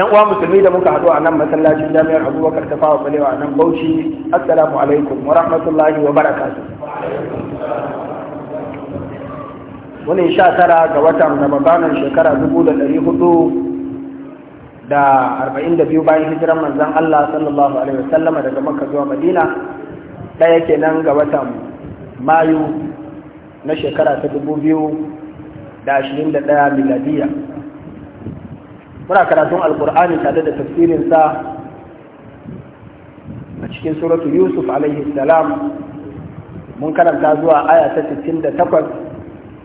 yan uwa musulmi da muka haɗu a nan masallacin jami'ar abubakar ta fawa balewa a nan bauchi assalamu alaikum wa rahmatullahi wa barakatu wani sha tara ga watan ramadanin shekara dubu da ɗari hudu da arba'in da biyu bayan hijiran manzan allah sallallahu alaihi wasallama daga makka zuwa madina ɗaya kenan ga watan mayu na shekara ta dubu biyu da ashirin da ɗaya miladiyya muna karatun alkur'ani tare da tafsirinsa a cikin suratu yusuf alaihi salam mun karanta zuwa aya ta 68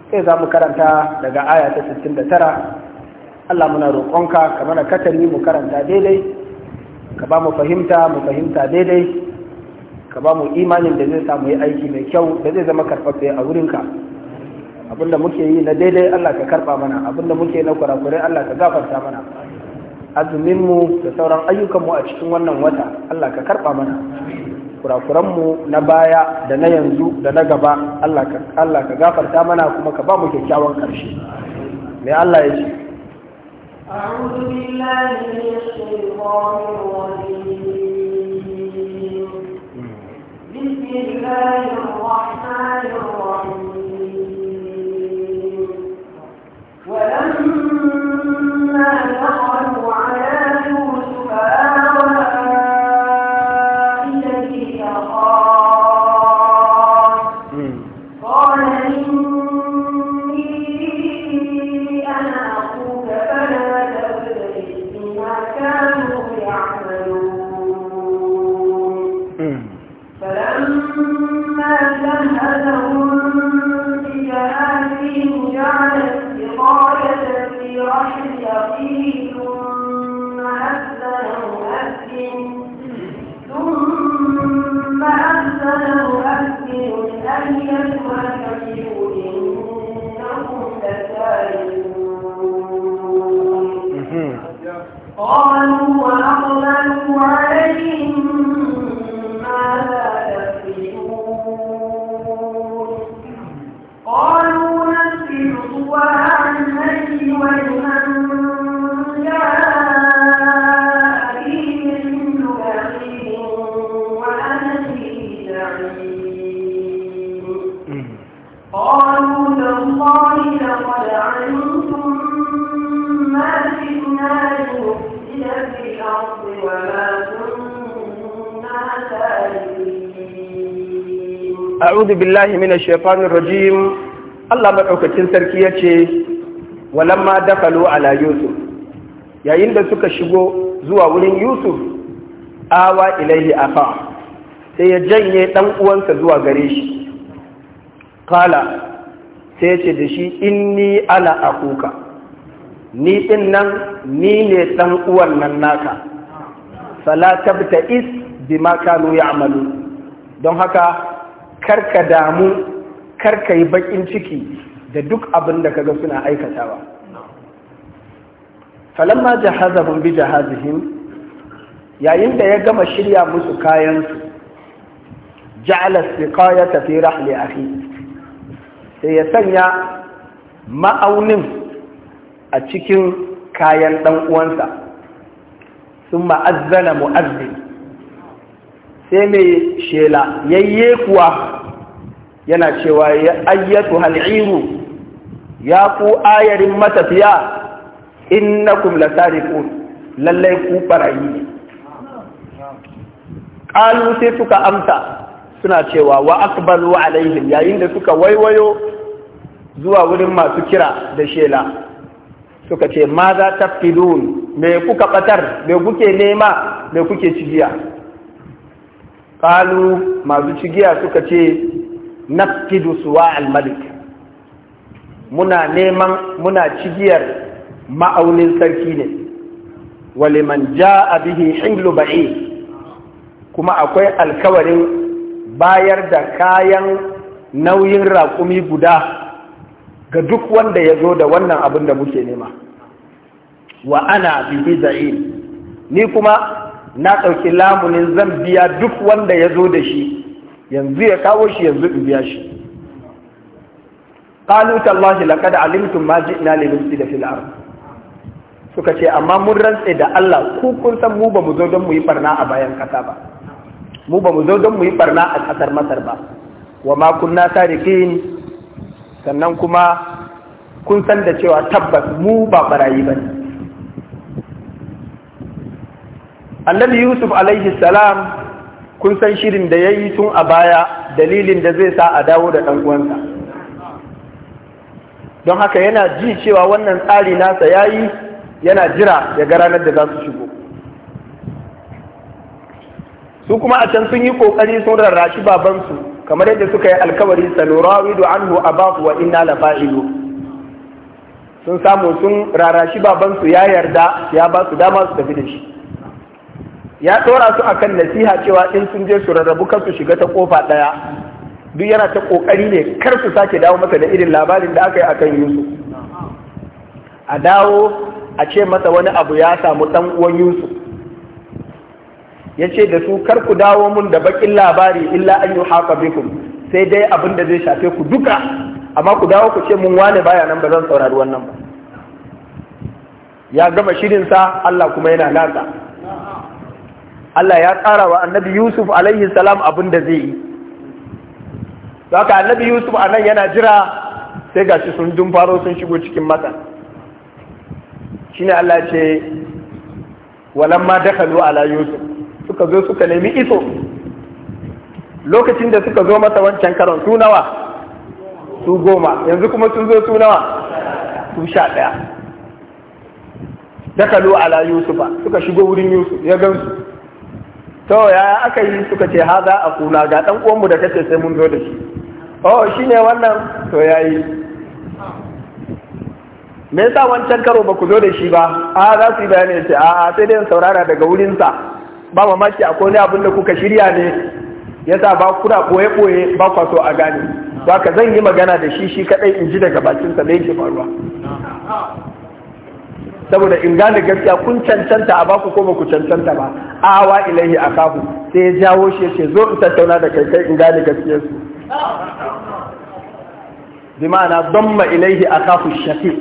sai za mu karanta daga aya ta 69 Allah muna roƙonka ka mana katari mu karanta daidai ka ba mu fahimta mu fahimta daidai ka ba mu imanin da zai samu yi aiki mai kyau da zai zama karɓaɓɓe a wurinka abinda muke yi na daidai Allah ka karba mana abinda muke na kurakurai Allah ka gafarta mana mu da sauran ayyukanmu a cikin wannan wata Allah ka karba mana mu na baya da na yanzu da na gaba Allah ka gafarta mana kuma ka ba mu kyakkyawan ƙarshe mai Allah ya ce a'udhu billahi minash shaitanir الرجيم hmm. bismillahir rahmanir rahim billahi mina shaifanin rajim Allah maɗaukakin sarki ya ce walamma dakalo ala yusuf yayin da suka shigo zuwa wurin yusuf awa ilaihi afa sai ya janye ɗan uwansa zuwa gare shi kala sai ya ce da shi ala a kuka, ni ɗin nan ni ne ɗan uwan nan naka salatabta tabta is bima kanu ya'malu don haka karka damu karka yi bakin ciki da duk abin da kaga suna aikatawa falamma jahazahum bi jahazihim yayin da ya gama shirya musu kayansu ja'ala siqayata fi rahli akhi sai ya sanya ma'aunin a cikin kayan dan uwansa summa azzana mu'azzin sai mai shela yayye kuwa yana cewa ya ayyatu hal'iru ya ku ayarin matafiya innakum tariku lallai ku barayi qalu sai suka amsa suna cewa wa aqbalu alaihim yayin da suka waiwayo zuwa wurin masu kira da shela suka ce ma za ta tafkidun me kuka batar me kuke nema me kuke cigiya Ƙalu masu cigiya suka ce nafkidu suwa al-malik muna neman muna cigiyar ma'aunin sarki ne waliman ja'a bihi himlu ba'i kuma akwai alkawarin bayar da kayan nauyin raƙumi guda ga duk wanda ya zo da wannan abin da muke nema wa ana bihi za'in ni kuma na ɗauki lamunin zan biya duk wanda ya zo da shi yanzu ya kawo shi yanzu in biya shi qalu tallahi laqad alimtum ma ji'na li nufsida fil ard suka ce amma mun rantse da Allah ku kun san mu ba mu zo don mu yi barna a bayan kasa ba mu ba mu zo don mu yi barna a kasar Masar ba wa ma kunna sariqin sannan kuma kun san da cewa tabbas mu ba barayi ba ne. annabi yusuf alaihi salam kun san shirin da ya yi tun a baya dalilin da zai sa a dawo da ɗan uwansa don haka yana ji cewa wannan tsari nasa ya yi yana jira ya ga ranar da za su shigo su kuma a can sun yi ƙoƙari sun rarrashi babansu kamar yadda suka yi alkawari sanurawidu anhu abahu wa inna fa’ilo sun samu sun rarashi babansu ya yarda ya ba su dama su tafi da shi ya ɗora su akan nasiha cewa in sun je su rarrabu kar su shiga ta kofa ɗaya duk yana ta ƙoƙari ne kar su sake dawo masa da irin labarin da aka yi akan Yusuf a dawo a ce masa wani abu ya samu ɗan uwan Yusuf ya ce da su kar ku dawo mun da bakin labari illa an yi haka bikum sai dai abin da zai shafe ku duka amma ku dawo ku ce mun wane baya nan ba zan saurari wannan ba ya gama shirinsa Allah kuma yana nasa Allah ya ƙara wa annabi Yusuf alaihi salam abin da zai yi ka annabi Yusuf a nan yana jira sai gashi sun dun faro sun shigo cikin shi ne Allah ce ma walamma dakhalu ala Yusuf suka zo suka nemi iso lokacin da suka zo masa wancan karon su nawa su goma yanzu kuma sun zo su nawa su sha ɗaya dakalu ala yusufa suka shigo wurin yusuf ya gansu to yaya aka yi suka ce haza a kula ga dan uwanmu da kace sai mun zo da shi oh shine wannan to yayi me yasa wancan karo ba ku zo da shi ba a za su yi bayani ce a sai dai saurara daga sa ba mamaki akwai wani abin da kuka shirya ne yasa ba kuna koye koye ba kwa so a gane ba zan yi magana da shi shi kadai in ji daga bakinsa da yake faruwa saboda in gane gaskiya kun cancanta a baku ko baku cancanta ba awa a kafu sai ya jawo shi ce zo in tattauna da kai kai in gane gaskiyar su bi ma'ana damma a kafu shafi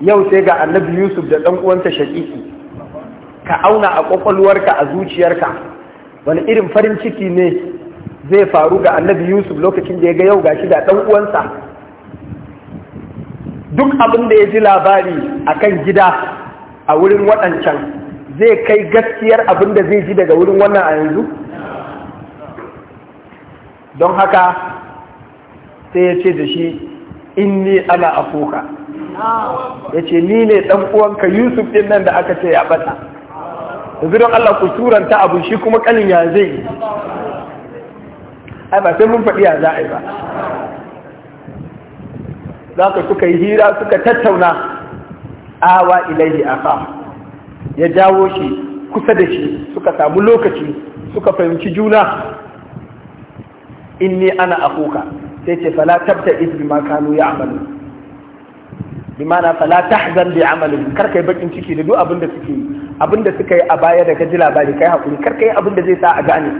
yau sai ga annabi yusuf da dan uwansa ka auna a kwakwalwarka a zuciyarka wani irin farin ciki ne zai faru ga annabi yusuf lokacin da ya ga yau gashi da dan uwansa duk abin da ya ji labari a kan gida a wurin waɗancan zai kai gaskiyar abin da zai ji daga wurin wannan a yanzu don haka sai ya ce da shi inni ana afuka ya ce ni ne ɗan uwanka yusuf ɗin nan da aka ce ya ɓata yanzu don allah ku turanta abu shi kuma ƙanin ya zai ai ba sai mun faɗi ya za yi ba za ka suka yi hira suka tattauna awa ilaihi afa ya jawo shi kusa da shi suka samu lokaci suka fahimci juna inni ana akuka sai ce fala tabta izbi ma kanu ya amalu bi na fala tahzan bi amalin kar kai bakin ciki da duk abinda suke yi abinda suka yi a baya da ji labari kai hakuri kar kai abinda zai sa a gane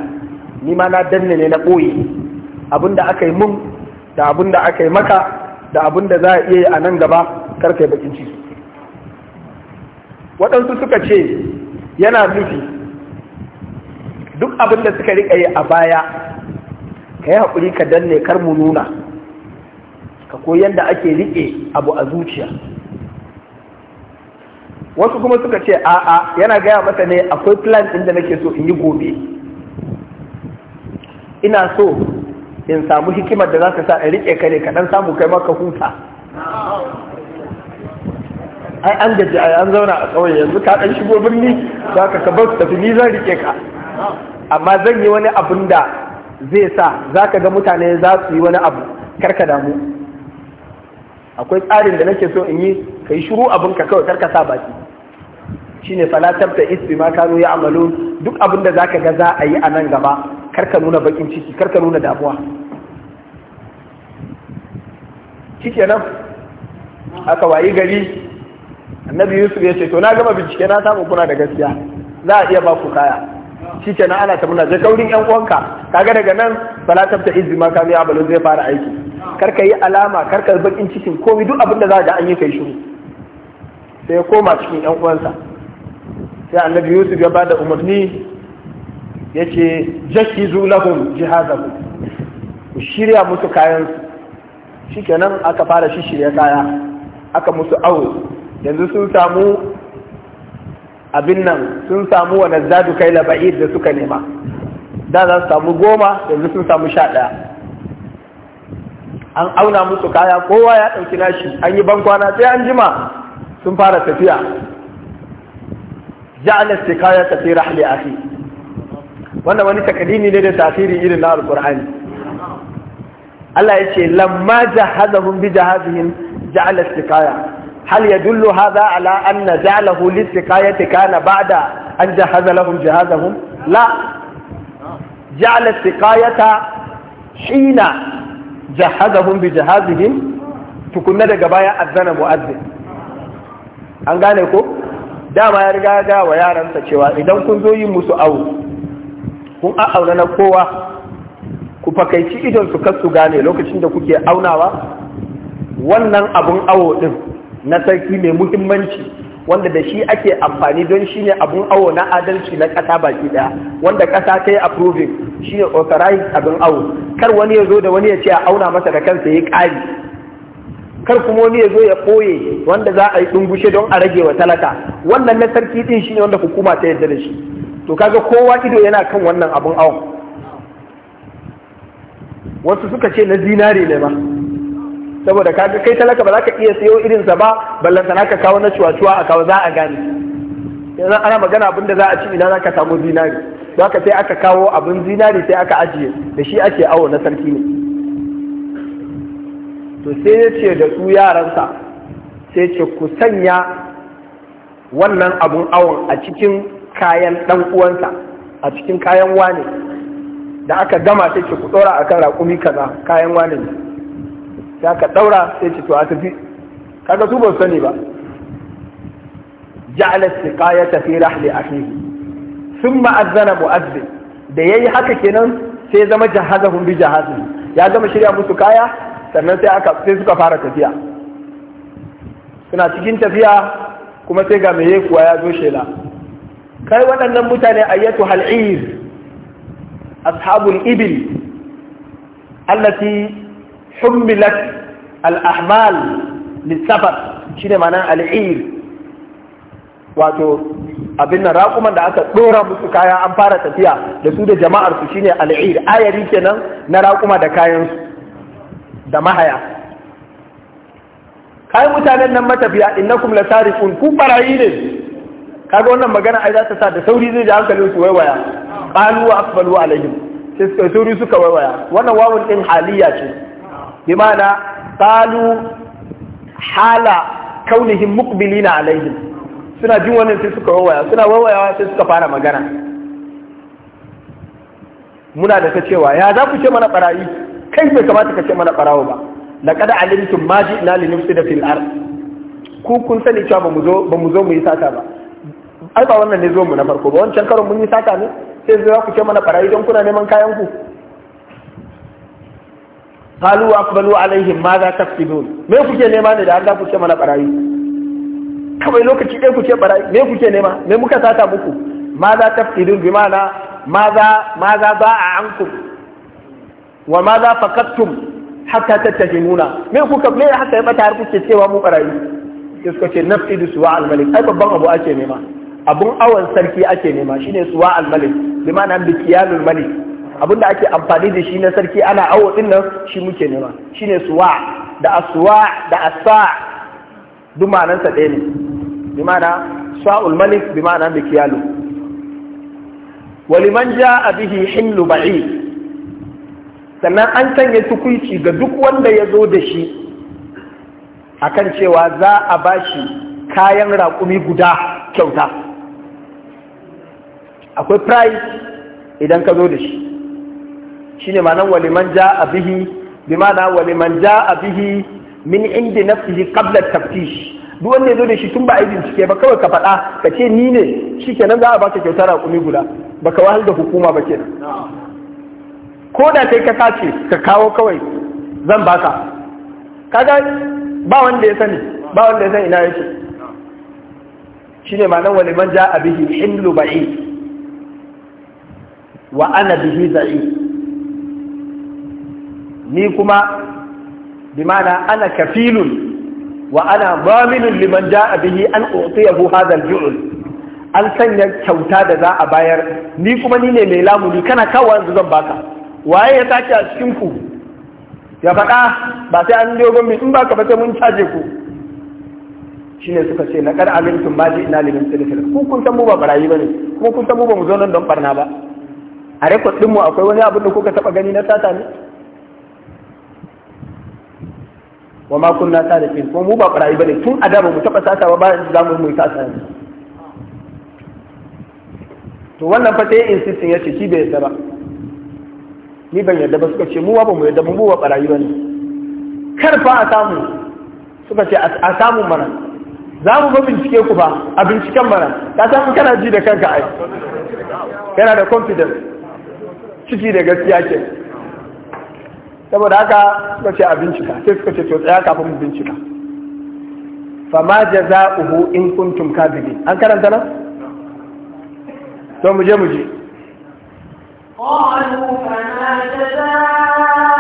ni ma na danne ne na ɓoye abinda aka yi mun da abinda aka yi maka da abin da za a iya yi a nan gaba karka yi bakin ciki waɗansu suka ce yana nufi duk abin da suka riƙa yi a baya ka yi haƙuri ka danne kar mu nuna ka koyan da ake riƙe abu a zuciya wasu kuma suka ce a'a yana gaya masa ne akwai plan ɗin da nake so in yi gobe ina so in samu hikimar da za ka sa a riƙe ka ne kaɗan samu kai maka huta ai an gaji ai an zauna a tsawon yanzu ka ɗan shigo birni za ka ka bar tafi ni zan riƙe ka amma zan yi wani abun da zai sa za ka ga mutane za su yi wani abu karka damu akwai tsarin da nake so in yi ka yi shiru abin ka kawai karka sa baki shine falatar da isbi ma kano ya amalu duk abin da za ka ga za a yi a nan gaba karka nuna bakin ciki karka nuna damuwa shikenan aka wayi gari annabi yusuf ya ce to na gama bincike na samu kuna da gaskiya za a iya baku kaya. kaya shikenan ana ta muna je kaurin yan uwanka kaga daga nan bala tabta izima ka biya zai fara aiki karka yi alama karka bakin cikin komai duk abin da za ga an yi kai shiru sai ya koma cikin yan uwansa sai annabi yusuf ya bada umarni yace jakizu lahum jihadahum ku shirya musu kayan shikenan aka fara shirya kaya aka musu awo yanzu sun samu abin nan sun samu wa nazzadu kai laba'id da suka nema da za su samu goma yanzu sun samu sha ɗaya an auna musu kaya kowa ya ɗauki nashi an yi bankwana sai an jima sun fara tafiya ja'ala kaya tafi rahli akhi wanda wani takalimi ne da tasiri irin na alqur'ani Allah ya ce lamma jahazahum bi jahazihim ja'ala istiqaya hal yadullu hadha ala anna ja'alahu listiqayati kana ba'da an jahaza lahum jahazahum la ja'ala istiqayata hina jahazahum bi jahazihim tukunna daga baya azana mu'azzin an gane ko dama ya riga ga wa yaransa cewa idan kun zo yin musu awu kun a'auna na kowa ku fakaici idon su kasu gane lokacin da kuke aunawa wannan abun awo din na sarki mai muhimmanci wanda da shi ake amfani don shi ne abun awo na adalci na ƙasa baki ɗaya wanda ƙasa ta yi approving shi ne authorized abin awo kar wani ya zo da wani ya ce a auna masa da kansa ya ƙari kar kuma wani ya zo ya ɓoye wanda za a yi ɗungushe don a rage wa talaka wannan na sarki ɗin shi ne wanda hukuma ta yarda da shi to kaga kowa ido yana kan wannan abun awon wasu suka ce na zinari ne ba saboda kaga kai talaka ba za ka iya sayo irinsa ba sana ka kawo na cuwa-cuwa a kawo za a gane yanzu ana magana abinda za a ci ina za ka samu zinari za ka sai aka kawo abin zinari sai aka ajiye da shi ake awo na sarki ne to sai ya ce da su yaransa sai ce ku sanya wannan abun awon a cikin kayan ɗan uwansa a cikin kayan wane da aka gama sai ce ku ɗora akan raƙumi kaza kayan wane ne sai aka ɗaura sai ce to a tafi kaga su ba su sani ba ja'ala siqayata fi rahli akhihi thumma azana mu'azzin da yayi haka kenan sai zama jahazahum bi jahazi ya zama shirya musu kaya sannan sai aka sai suka fara tafiya suna cikin tafiya kuma sai ga meye kuwa ya zo shela kai waɗannan mutane ayyatu hal'ir ashabul ibil allati hummilat al'ahmal lissafar shi ne mana al'ir wato abin na raƙuman da aka ɗora musu kaya an fara tafiya da su da jama'arsu shi ne al'ir ayari kenan na raƙuma da kayansu da mahaya kai mutanen nan matafiya innakum lasarifun ku barayi ne kaga wannan magana ai za ta sa da sauri zai ji hankalin su waiwaya qalu wa aqbalu alaihim sai sauri suka waiwaya wannan wawun din haliya ce bi ma'ana qalu hala kaunihim muqbilina alaihim suna jin wannan sai suka waiwaya suna waiwayawa sai suka fara magana muna da ta cewa ya za ku ce mana barayi kai bai kamata ka ce mana barawo ba laqad alimtum ma ji'na linufsida fil ard ku kun sani cewa ba mu zo mu yi sata ba ai ba wannan ne zo mu na farko ba wancan karon mun yi sata ne sai zai ku ce mana farai don kuna neman kayan ku qalu aqbalu alaihim ma za taqtibun me kuke nema ne da Allah ku ce mana farai kawai lokaci ɗaya ku ce barayi me kuke nema me muka sata muku ma za taqtibun bi mana ma za ma za a anku wa ma za faqattum hatta tattahinuna me kuka me haka ya bata har kuke cewa mu barayi sai suka ce nafidu suwa al-malik ai babban abu ake nema abun awon sarki ake nema shine suwa al-malik bi ma'ana bikiyanul malik abun da ake amfani da shi na sarki ana awo din nan shi muke nema shine suwa da aswa da asa duk ma'anar sa ɗaya ne bi ma'ana sa'ul malik bi ma'ana bikiyalu waliman ja'a bihi hillu ba'i sannan an sanya tukuici ga duk wanda ya zo da shi akan cewa za a bashi kayan raƙumi guda kyauta akwai price idan ka zo da shi shine ma'anar waliman a bihi bi ma'ana waliman ja'a bihi min na fi qabla taftish duk wanda ya zo da shi tun ba a yi bincike ba kawai ka faɗa ka ce ni ne nan za a baka kyautar raƙumi guda ba ka wahal da hukuma ba kenan ko da kai ka sace ka kawo kawai zan baka kaga ba wanda ya sani ba wanda ya sani ina yake shine ma'anar waliman ja'a bihi hindu ba'i wa ana bihi za'i ni kuma bimana ana kafilun wa ana zaminun liman ja'a bihi an utiyahu hadha al-ju'l an sanya kyauta da za a bayar ni kuma ni ne mai lamuni kana kawo yanzu zan baka waye ya sake a cikin ku ya faɗa ba sai an dogon min in baka ba sai mun caje ku shine suka ce na kar alimtum ma ji ina limin tilfil ku kun san mu ba barayi bane kuma kun san mu ba mu zo nan don barna ba a rekod ɗinmu akwai wani abin da kuka taɓa gani na sata ne wa ma kunna sadiqin kuma mu ba ba bane tun a da mu taɓa sata ba bayan za mu mu sata ne to wannan fa sai insistin ya ce shi bai yadda ba ni ban yadda ba suka ce mu ba mu yadda mu ba barayi bane kar fa a samu suka ce a samu mana za mu ba bincike ku ba a binciken mana ka samu kana ji da kanka ai yana da confidence ciki da gaskiya ke saboda haka suka ce a bincika sai suka ce to tsaya kafin mu bincika fama jaza'uhu in kuntum kadibi an karanta nan to mu je mu je jaza'u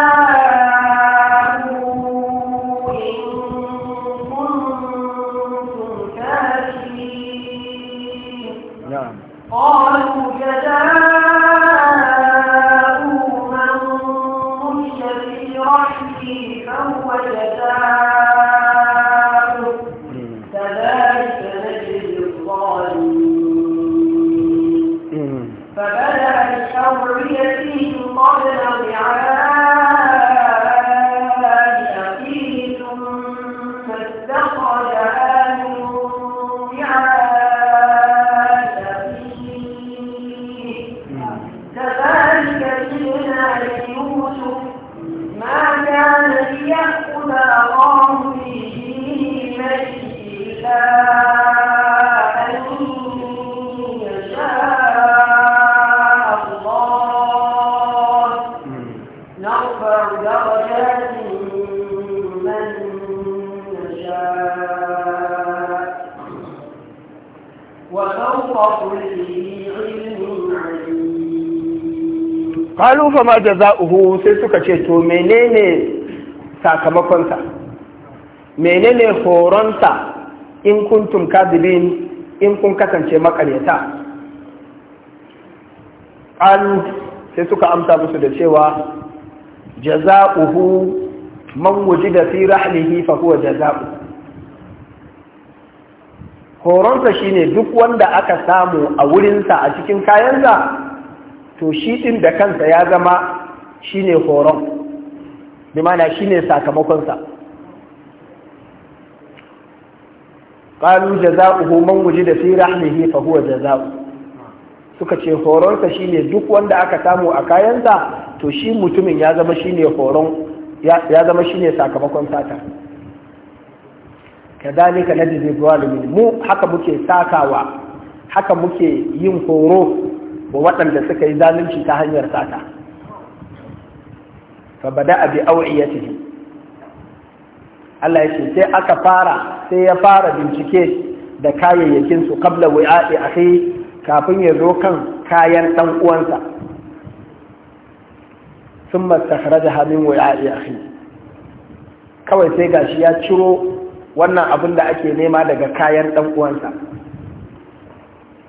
fama da za'uhu sai suka ce to menene sakamakonsa menene horonsa in kuntum kadibin in kun kasance makaryata an sai suka amsa musu da cewa jaza'uhu man wujida fi rahlihi fa huwa jaza'u horonsa shine duk wanda aka samu a wurinsa a cikin kayansa to shi ɗin da kansa ya zama shi ne horon bimana shi ne sakamakonsa ƙalu jaza'uhu man guji da fi rahmihi fa huwa jaza'u suka ce horonsa shi ne duk wanda aka samu a kayansa to shi mutumin ya zama shi ne horon ya zama shi ne sakamakon sata kadhalika najzi zalimin mu haka muke sakawa haka muke yin horo wa waɗanda suka yi zalunci ta hanyar sata fa bada bi awiyatihi Allah ya ce sai aka fara sai ya fara bincike da kayayyakin su qabla a akhi kafin ya zo kan kayan dan uwansa hannun istakhrajaha min a akhi kawai sai gashi ya ciro wannan abin da ake nema daga kayan dan uwansa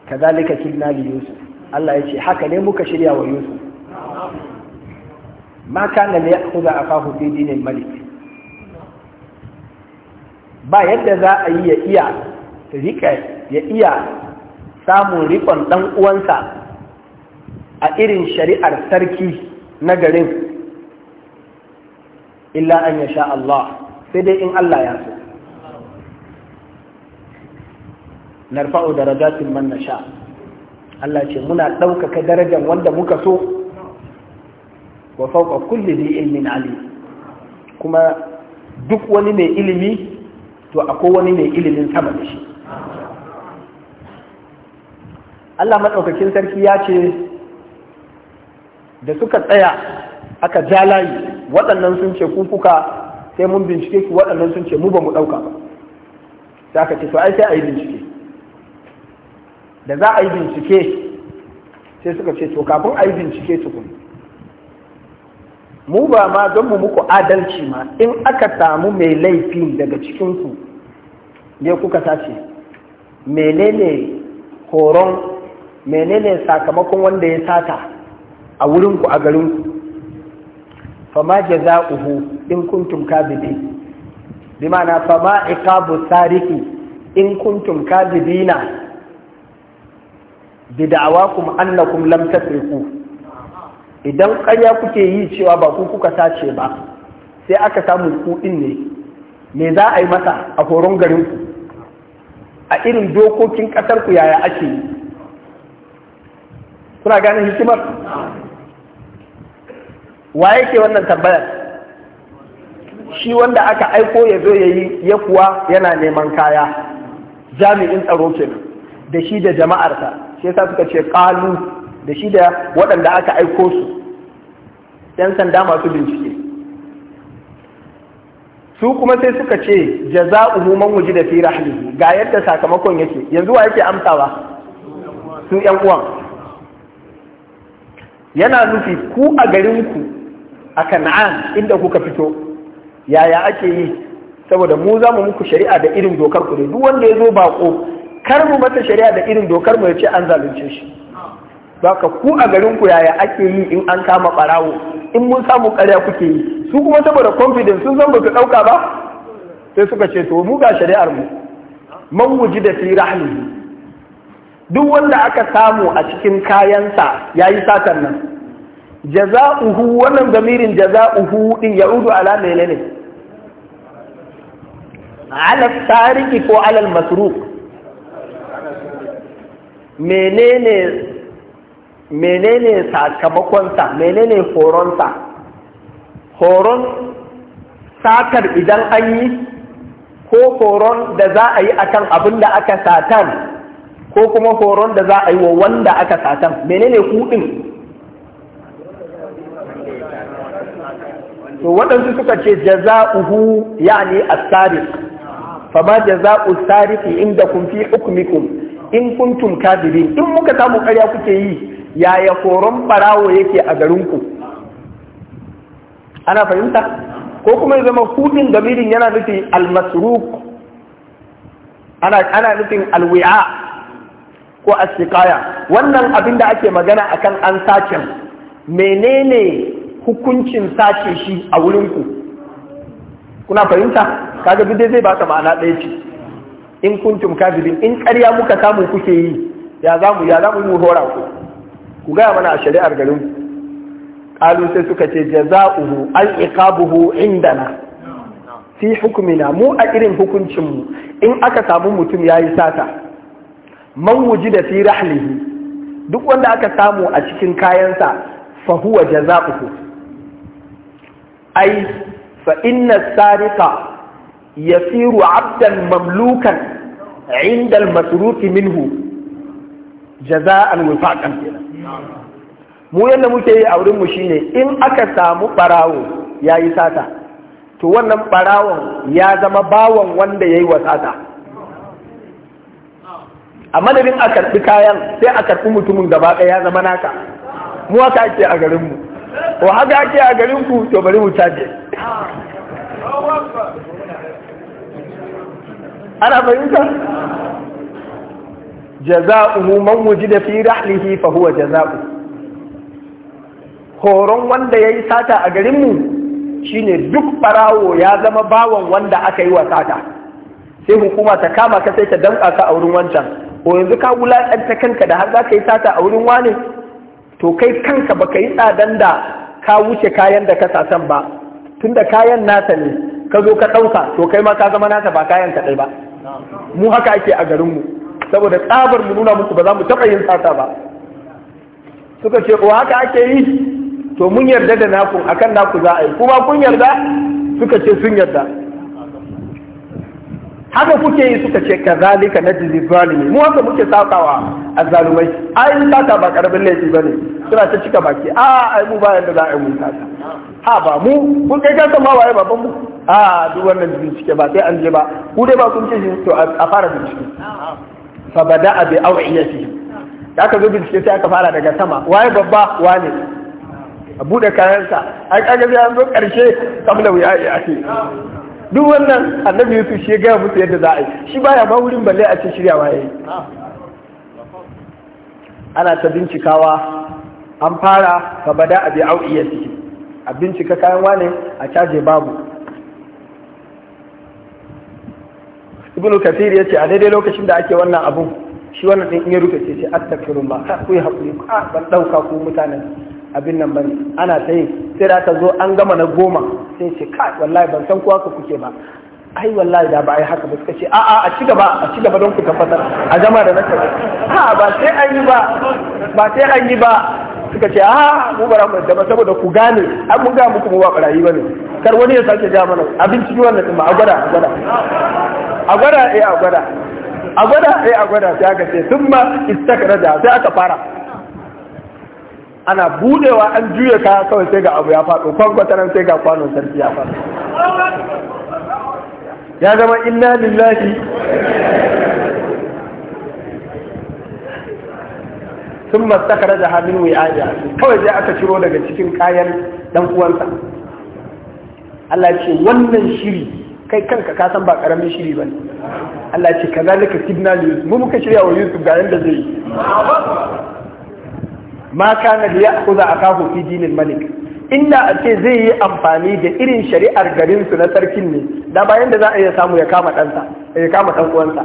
kadhalika na biyu yusuf Allah ya ce haka ne muka shirya wa Yusuf ma kana ne kuza a kahu fi dinin malik ba yadda za a yi ya iya rika ya iya samun rikon dan uwansa a irin shari'ar sarki na garin illa an ya sha Allah sai dai in Allah ya so narfa'u darajatin man nasha' Allah ce muna ɗaukaka darajar wanda muka so wa fauka kulli dhi ilmin ali kuma duk wani mai ilimi to akwai wani mai ilimin sama da shi Allah maɗaukakin sarki ya ce da suka tsaya aka ja layi waɗannan sun ce kuka sai mun bincike ku waɗannan sun ce mu ba mu ɗauka ba sai aka ce to ai sai a yi bincike da za a yi bincike sai suka ce to kafin a yi bincike tukun mu ba ma don mu muku adalci ma in aka samu mai laifi daga cikinku ne kuka sace menene horon menene sakamakon wanda ya sata a wurinku a garinku fama jaza'uhu in kuntum kadibi bi ma'ana fama iqabu sariki in kuntum kadibina bi kuma, annakum lam tasriku idan karya kuke yi cewa ba ku kuka sace ba sai aka samu ku din ne me za a yi masa a horon garin ku a irin dokokin ƙasarku ku yaya ake yi kuna gane hikimar wa yake wannan tambayar shi wanda aka aiko ya zo ya yi ya kuwa yana neman kaya jami'in tsaro kenan da shi da jama'arsa shi yasa suka ce kalu da shi da waɗanda aka aiko su yan sanda masu bincike su kuma sai suka ce jaza'uhu man da fi hali ga yadda sakamakon yake yanzu wa yake amsawa su yan uwan yana nufi ku a garinku a kan'an inda kuka fito yaya ake yi saboda mu za mu muku shari'a da irin dokar ku ne duk wanda ya zo bako kar mu mata shari'a da irin dokar mu ya ce an zalunce shi baka ku a garin ku yaya ake yi in an kama barawo in mun samu ƙarya kuke yi su kuma saboda confidence sun san baka ɗauka ba sai suka ce to mu ga shari'ar mu man wuji da fi rahmi duk wanda aka samu a cikin kayansa yayi satar nan jaza'uhu wannan zamirin jaza'uhu din ya'udu ala menene ala tariki ko alal masruq menene sakamakonsa menene horonsa horon satar idan an yi ko horon da za a yi akan abin da aka satan ko kuma horon da za a yi wa wanda aka satan menene hudin to waɗansu suka ce jaza'uhu ne a sariq fama jaza'u as inda kun fi hukumikun in kuntum kadibin in muka samu karya kuke yi yaya horon barawo yake a garinku ana fahimta ko kuma ya zama hudin damirin yana nufin almasruk ana ana nufin alwi'a ko asiqaya wannan abin da ake magana akan an sace menene hukuncin sace shi a wurinku kuna fahimta kaga bidai zai ba ma'ana ɗaya ce in kuntum kafin in ƙarya muka samu kuke yi ya za mu yi mu hora ku ku gaya mana a shari'ar garin ƙalu sai suka ce jaza'uhu buhu iqabuhu indana fi hukumina mu a irin hukuncinmu in aka samu mutum ya yi sata man wuji da fi rahlihi duk wanda aka samu a cikin kayansa fa huwa jaza'uhu ai fa inna sariqa yasiru abdan mamlukan inda al-masrufi minhu jaza'an wifaqan mu yadda muke yi a wurinmu shine in aka samu barawo ya yi sata to wannan barawon ya zama bawon wanda ya yi wa sata a madadin a karɓi kayan sai a karɓi mutumin gaba ɗaya ya zama naka mu haka ake a garinmu ko haka ake a garinku to bari mu caje ana fahimta jaza'uhu man wujida fi rahlihi fa huwa jaza'u horon wanda yayi sata a garin mu shine duk barawo ya zama bawon wanda aka yi wa sata sai hukuma ta kama ka sai ta danka ka a wurin wancan ko yanzu ka wulakanta kanka da har yi sata a wurin wani to kai kanka baka yi tsadan da ka wuce kayan da ka sasan ba tunda kayan nata ne ka zo ka ɗauka to kai ma ka zama nata ba kayan dai ba mu haka ake a garinmu saboda tsabar mu nuna muku ba za mu taɓa yin sata ba suka ce ko haka ake yi to mun yarda da naku akan naku za a yi kuma kun yarda suka ce sun yarda haka kuke yi suka ce ka zalika na jizi zalimi mu haka muke sakawa a zalumai ai sata ba karamin laifi ne suna ta cika baki a ai mu bayan da za a yi mun sata ha ba mu kun kai kasa ma waye baban mu a duk wannan jizi cike ba sai an je ba ku dai ba kun ce shi to a fara bincike fa bada bi awiyati da aka zo bincike sai aka fara daga sama waye babba wane a bude kayansa ai kaga sai an zo karshe kamla wuya ya ce duk wannan annabi yusu shi ga musu yadda za a yi shi baya ba wurin balle a ce shirya waye. ana ta bincikawa an fara fa bada bi awiyati a bincika kayan wane a caje babu ibn kathir ya ce a daidai lokacin da ake wannan abun shi wannan din ya rufe ce astaghfirullah ku yi hakuri a ban dauka ku mutanen abin nan bane ana ta yi sai da zo an gama na goma sai ce ka wallahi ban san kuwa haka kuke ba ai wallahi da ba ai haka ba suka ce a a a ci gaba a ci gaba don ku tabbatar a gama da naka a ba sai an yi ba ba sai an yi ba suka ce a mu bara mu da saboda ku gane an mun ga muku mu ba barayi bane kar wani ya sake ga mana abinci wannan kuma agwada a gwada a gwada a gwada eh a gwada a gwada eh a gwada sai aka ce thumma istakraja sai aka fara ana budewa an juya kaya kawai sai ga abu ya faɗo kwankwataran sai ga kwanon sarki ya faɗo ya zama inna lillahi sun mastakara da hannun wi'aja kawai sai aka ciro daga cikin kayan dan uwansa Allah ce wannan shiri kai kanka ka san ba karamin shiri ne. Allah ce ka ka kidna yusuf mu muka shirya wa yusuf ga yanda zai ma kana da ya'khudha akahu fi dinin malik inda a ce zai yi amfani da irin shari'ar garinsu na sarkin ne da bayan da za a iya samu ya kama ɗansa ya kama ɗan uwansa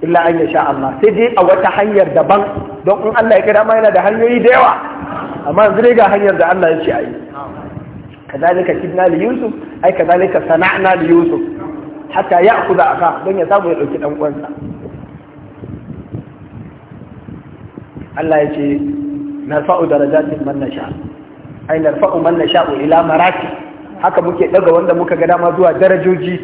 illa an yi sha'amma. sai dai a wata hanyar daban don in Allah ya kai ma yana da hanyoyi da yawa amma yanzu dai ga hanyar da Allah ya ce ayi kadalika kidna li yusuf ai kadalika sana'na li yusuf hatta ya'khudha aka don ya samu ya dauki dan uwansa Allah ya ce narfa'u darajatin man nasha ai narfa'u man nasha ila marati haka muke daga wanda muka ga dama zuwa darajoji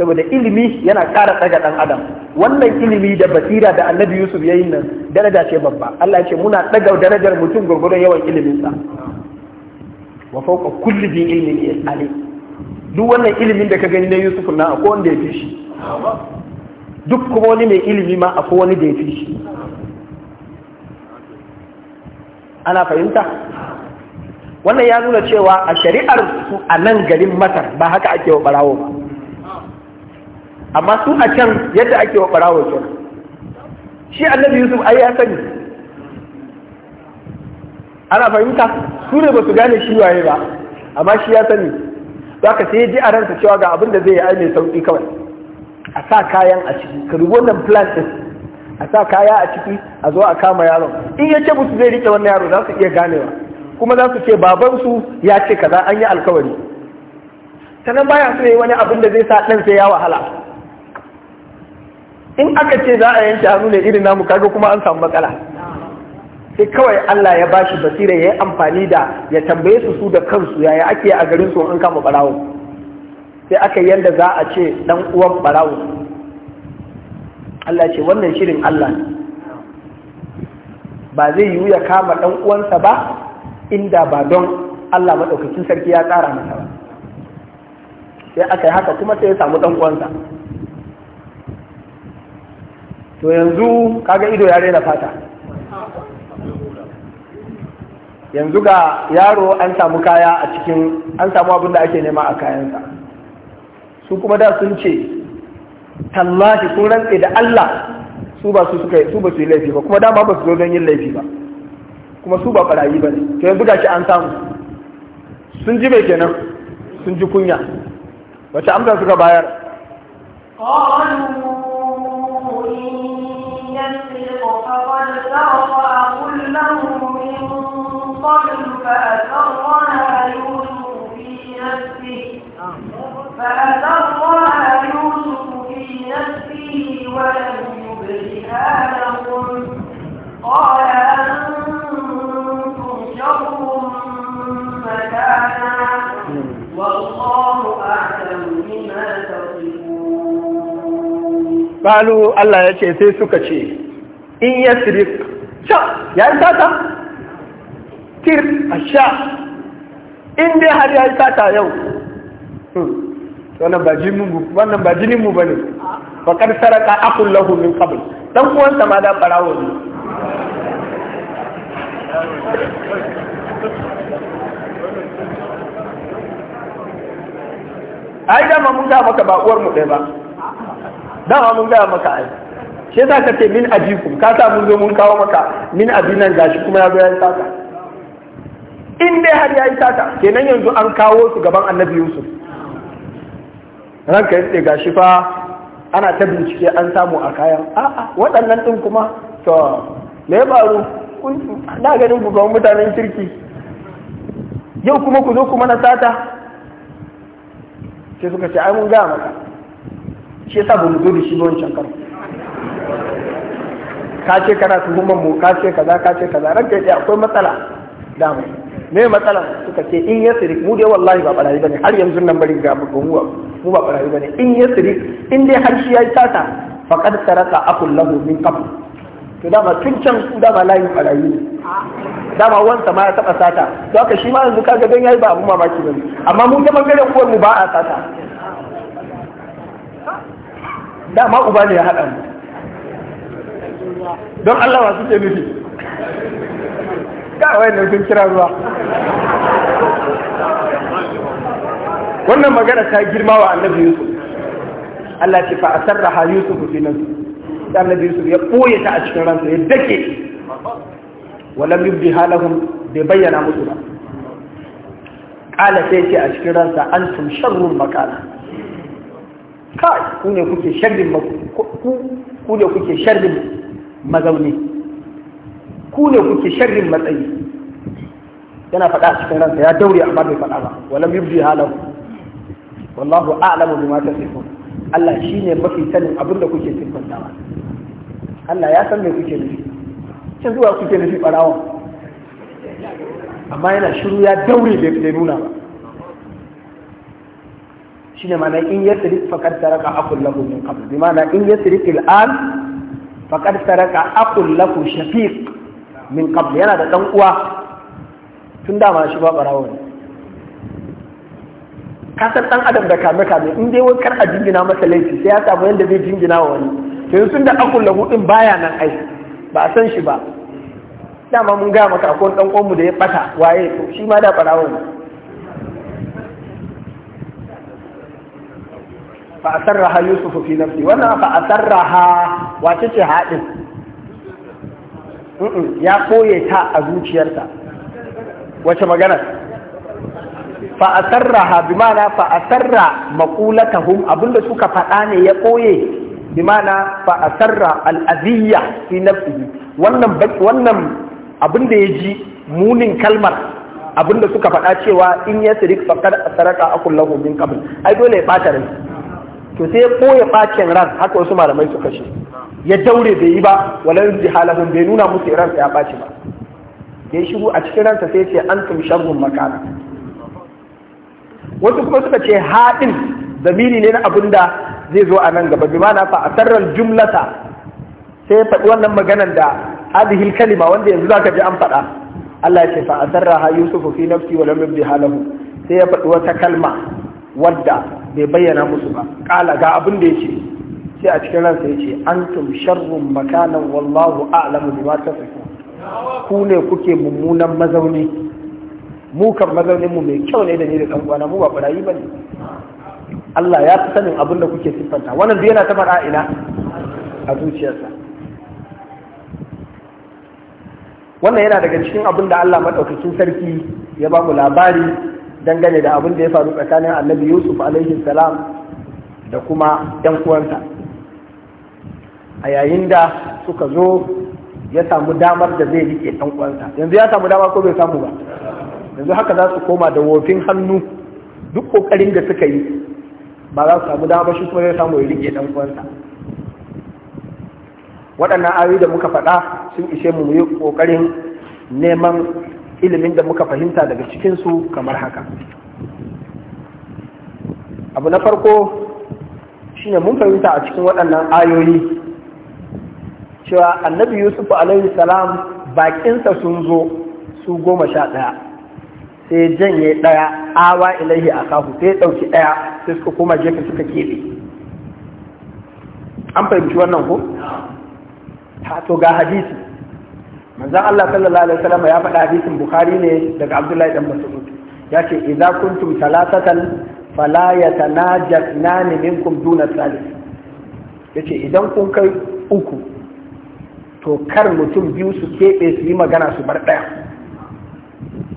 saboda ilimi yana ƙara tsaga ɗan adam wannan ilimi da basira da annabi yusuf ya yi nan daraja ce babba Allah ya ce muna daga darajar mutum gurgurdan yawan sa wa fawqa kulli bi ilmin ali duk wannan ilimin da ka gani na Yusuf na akwai wanda ya fi shi duk kuma wani mai ilimi ma akwai wani da ya fi shi ana fahimta wannan ya nuna cewa a shari'ar su a nan garin masar ba haka ake wa barawo ba amma su a can yadda ake wa barawo kenan shi annabi yusuf ai ya sani ana fahimta su ne ba su gane shi waye ba amma shi ya sani za ka sai ji a ransa cewa ga abin da zai yi ai mai sauƙi kawai a sa kayan a ciki ka rubo wannan plan ɗin a sa kaya a ciki a zo a kama yaron in ya ce musu zai rike wannan yaro za su iya ganewa kuma za su ce babansu ya ce kaza an yi alkawari sannan baya su yi wani abin da zai sa ɗan sai ya wahala in aka ce za a yanke hannu ne irin namu kaga kuma an samu matsala sai kawai Allah ya bashi basira ya yi amfani da ya tambaye su su da kansu yaya ake a garin su an kama barawo sai aka yanda za a ce dan uwan barawo Allah ce wannan shirin Allah ba zai yiwu ya kama dan uwansa ba inda ba don Allah madaukakin sarki ya tsara masa ba sai aka yi haka kuma sai ya samu dan uwansa to yanzu kaga ido ya raina fata yanzu ga yaro an samu kaya a cikin an samu abin da ake nema a kayansa su kuma da sun ce tallafi sun rantse da Allah su ba su suka su ba su yi laifi ba kuma dama ba su zo don yin laifi ba kuma su ba barayi ba ne to yanzu ga shi an samu sun ji mai kenan sun ji kunya wace amsa suka bayar فأثرها يوسف في نفسه ولم لهم قال أنتم شر مكانا والله أعلم بما قالوا الله يا شيخ شيء in ya siri sha ya yi sata tir a sha in dai har ya yi sata yau hmm, wannan ba jinin mu wannan ba jinin mu bane fa kad saraka akul lahu min qabl dan kuwan sa ma da barawo ne ai da mun ga maka ba uwar mu dai ba dama mun ga maka ai shi za ka ce min abikum ka sa mun zo mun kawo maka min abinan gashi kuma ya zo ya yi sata in dai har ya yi sata kenan yanzu an kawo su gaban annabi yusuf ranka yadda gashi fa ana ta bincike an samu a kayan a'a waɗannan ɗin kuma to me ya faru na ganin ku gaban mutanen kirki yau kuma ku zo kuma na sata sai suka ce ai mun gaya maka shi yasa ba mu zo da shi wancan karo ka ce kana tuhumar mu ka ce kaza ka ce kaza ranka yake akwai matsala da mu me matsala suka ce in ya siri mu dai wallahi ba barayi bane har yanzu nan bari ga mu mu ba barayi bane in ya siri in dai har shi yayi tata faqad saraka akul lahu min qabl to da ba tun can da ba layin barayi da dama wansa ma ya taba sata to haka shi ma yanzu kaga dan yayi ba abun mamaki bane amma mu ta bangaren uwar mu ba a sata ma uba ne ya hada mu don Allah wa ke nufi kawai nan sun kira ruwa wannan magana ta girma wa annabi Yusuf Allah ce fa asarra ha Yusuf fi Da annabi Yusuf ya koye ta a cikin ransa ya dake walam yubdi halahum da bayyana musu ba kala sai ce a cikin ransa an tun sharrun makana kai ku ne kuke sharrin ku ne kuke sharrin mazauni ku ne kuke sharrin matsayi yana faɗa a cikin ransa ya daure amma bai faɗa ba walam yubdi halahu wallahu a'lamu bima tasifun Allah shine mafi sanin abin da kuke sifantawa Allah ya san me kuke nufi can zuwa kuke nufi barawon amma yana shiru ya daure bai nuna ba shine ma'ana in yasrif faqad taraka aqul lahu min qabl bi ma'ana in yasrif al-an Faƙar saraka aqul lakum shafiq min qabl yana da ɗan’uwa tun dama shi ba barawo ne ka san ɗan adam da kame kame in dai wani kar a jingina masa laifi sai ya samu yadda zai jingina wa wani to tun da aqul lahu ɗin baya nan ai ba a san shi ba dama mun gaya maka akwai dan uwan mu da ya ɓata, waye to shi ma da barawo ne fa asarraha yusufu fi nafsi wannan fa asarraha wace ce haɗin ya koye ta a zuciyarsa wace magana fa asarraha bi ma'ana fa asarra maqulatahum abinda suka faɗa ne ya koye bi ma'ana fa asarra al'aziyya fi nafsihi wannan wannan abinda ya ji munin kalmar abinda suka faɗa cewa in ya sirik fakar saraka akun min qabl ai dole ya bata rai to sai ya koya ran haka wasu malamai suka shi ya daure bai yi ba walan jihalahum bai nuna musu ran ya baci ba ya shigo a cikin ranta sai ce an tum sharrun makana wasu kuma suka ce haɗin zamini ne na abin da zai zo a nan gaba bi mana fa asarral jumlata sai ya faɗi wannan maganar da adihil kalima wanda yanzu zaka ji an faɗa Allah ya ce fa ha yusufu fi nafsi wa lam yubdiha sai ya faɗi wata kalma wadda bai bayyana musu ba kala ga abin da yake sai a cikin ransa An antum sharrun makanan wallahu a'lamu bima tasifun ku ne kuke mummunan mazauni mu kan mazaunin mu mai kyau ne da ni da kan kwana mu ba barayi bane Allah ya fi sanin abin da kuke siffanta wannan duk yana ta fara ina a zuciyarsa wannan yana daga cikin abin da Allah madaukakin sarki ya ba mu labari dangane da abin da ya faru tsakanin annabi yusuf alaihi salam da kuma yan uwansa a yayin da suka zo ya samu damar da zai rike ɗan uwansa yanzu ya samu dama ko bai samu ba yanzu haka za su koma da wofin hannu duk kokarin da suka yi ba za su samu dama shi kuma zai samu ya rike ɗan uwansa waɗannan ayoyi da muka faɗa sun ishe mu yi ƙoƙarin neman ilimin da muka fahimta daga cikinsu kamar haka abu na farko shine mun fahimta a cikin waɗannan ayoyi cewa annabi yusuf alaihi salam bakinsa sun zo su goma sha ɗaya sai janye ɗaya awa ilaihi a kafu sai ɗauki ɗaya sai suka koma jefa suka keɓe an fahimci wannan ko? to ga hadisi manzon Allah sallallahu alaihi wasallam ya faɗa hadisin Bukhari ne daga Abdullahi dan Mas'ud ya ce idza kuntum salatatan fala yatanajatnan minkum duna salis yace idan kun kai uku to kar mutum biyu su kebe su yi magana su bar ɗaya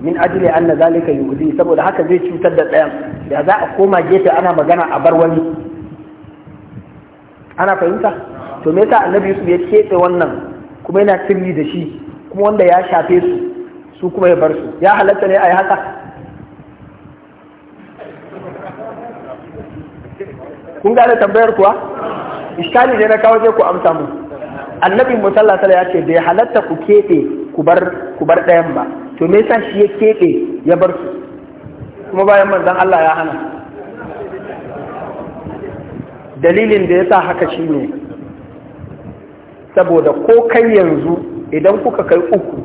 min ajli anna zalika yuzi saboda haka zai cutar da ɗayan da za a koma gefe ana magana a bar wani ana fahimta to me yasa annabi Yusuf ya kebe wannan kuma yana sirri da shi kuma wanda ya shafe su su kuma ya bar su ya halatta ne a yi haka kun gane tambayar kuwa iskali ne na kawo sai ku amsa mu annabi musalla ya ce bai halatta ku keɓe ku bar ɗayan ba to me yasa shi ya keɓe ya bar su kuma bayan manzon Allah ya hana dalilin da yasa haka shine saboda ko kai yanzu idan kuka kai uku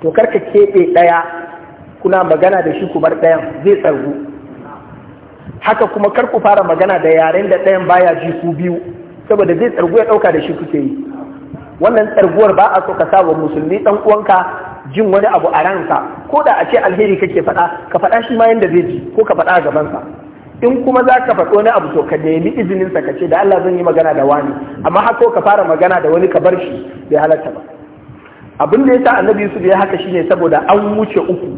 to karka keɓe ɗaya kuna magana da shi kuma ɗayan zai tsargu haka kuma kar ku fara magana da yaren da ɗayan baya ji ku biyu saboda zai tsargu ya ɗauka da shi kuke yi wannan tsarguwar ba a so ka sawa musulmi ɗan uwanka jin wani abu a ranka ko da a ce alheri kake faɗa ka faɗa shi ma yanda zai ji ko ka faɗa a gabansa in kuma za ka faɗo wani abu to ka nemi izinin sa ka ce da Allah zan yi magana da wani amma haka ka fara magana da wani ka bar shi bai halatta ba abin da ya sa annabi yusuf ya haka shine saboda an wuce uku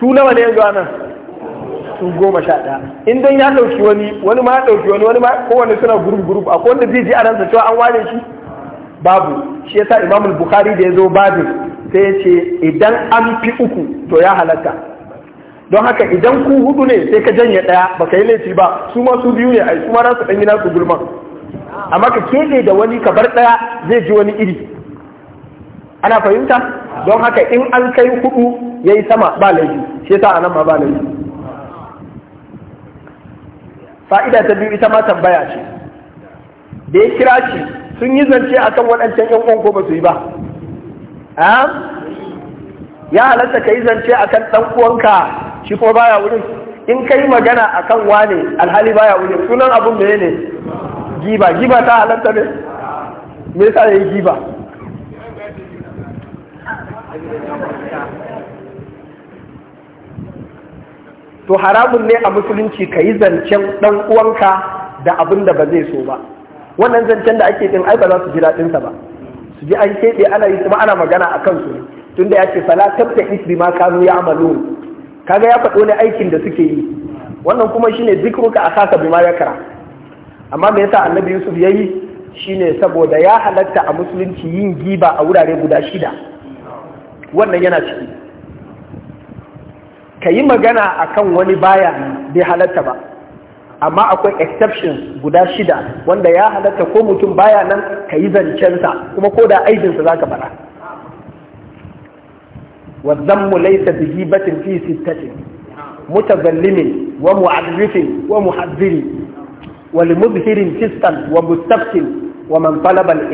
su nawa ne yanzu ana su goma sha ɗaya in ya ɗauki wani wani ma ya ɗauki wani wani ma kowane suna gurup gurup akwai wanda zai ji a ransa cewa an ware shi babu shi yasa imamul bukhari da ya zo Babu ta ya ce idan an fi uku to ya halatta don haka idan ku hudu ne sai ka janye ɗaya baka yi laifi ba su ma su biyu ne ai su ma za ɗan yi nasu gulman amma ka keɓe da wani kabar bar ɗaya zai ji wani iri ana fahimta don haka in an kai hudu ya yi sama ba laifi shi ta anan ma ba laifi fa'ida ta biyu ita ma tambaya ce da ya kira shi sun yi zance akan waɗancan yan uwan ko ba su yi ba ya halatta ka yi zance akan ɗan uwanka shi ko baya wurin in ka yi magana akan wane alhali baya wurin sunan abun da ne giba giba ta halatta ne me yasa yayi giba to haramun ne a musulunci ka yi zancen ɗan uwanka da abin da ba zai so ba wannan zancen da ake din ai ba za su ji daɗinsa ba su ji an keɓe ana yi kuma ana magana a kansu tunda ya ce fala tabta isbi ma kanu ya amalu kaga ya faɗo ne aikin da suke yi wannan kuma shine zikruka bi bima yakara. amma me yasa annabi yusuf ya yi shine saboda ya halatta a musulunci yin giba a wurare guda shida wannan yana ciki ka yi magana akan wani baya bai halatta ba amma akwai exceptions guda shida wanda ya halatta ko mutum baya nan ka yi zancensa kuma ko da aibinsa za ka bara gibatin fi بهيبة mutazallimin wa mu'adrifin wa ومحذر wal mubhirin fiskan wa mustaqim wa man talaba al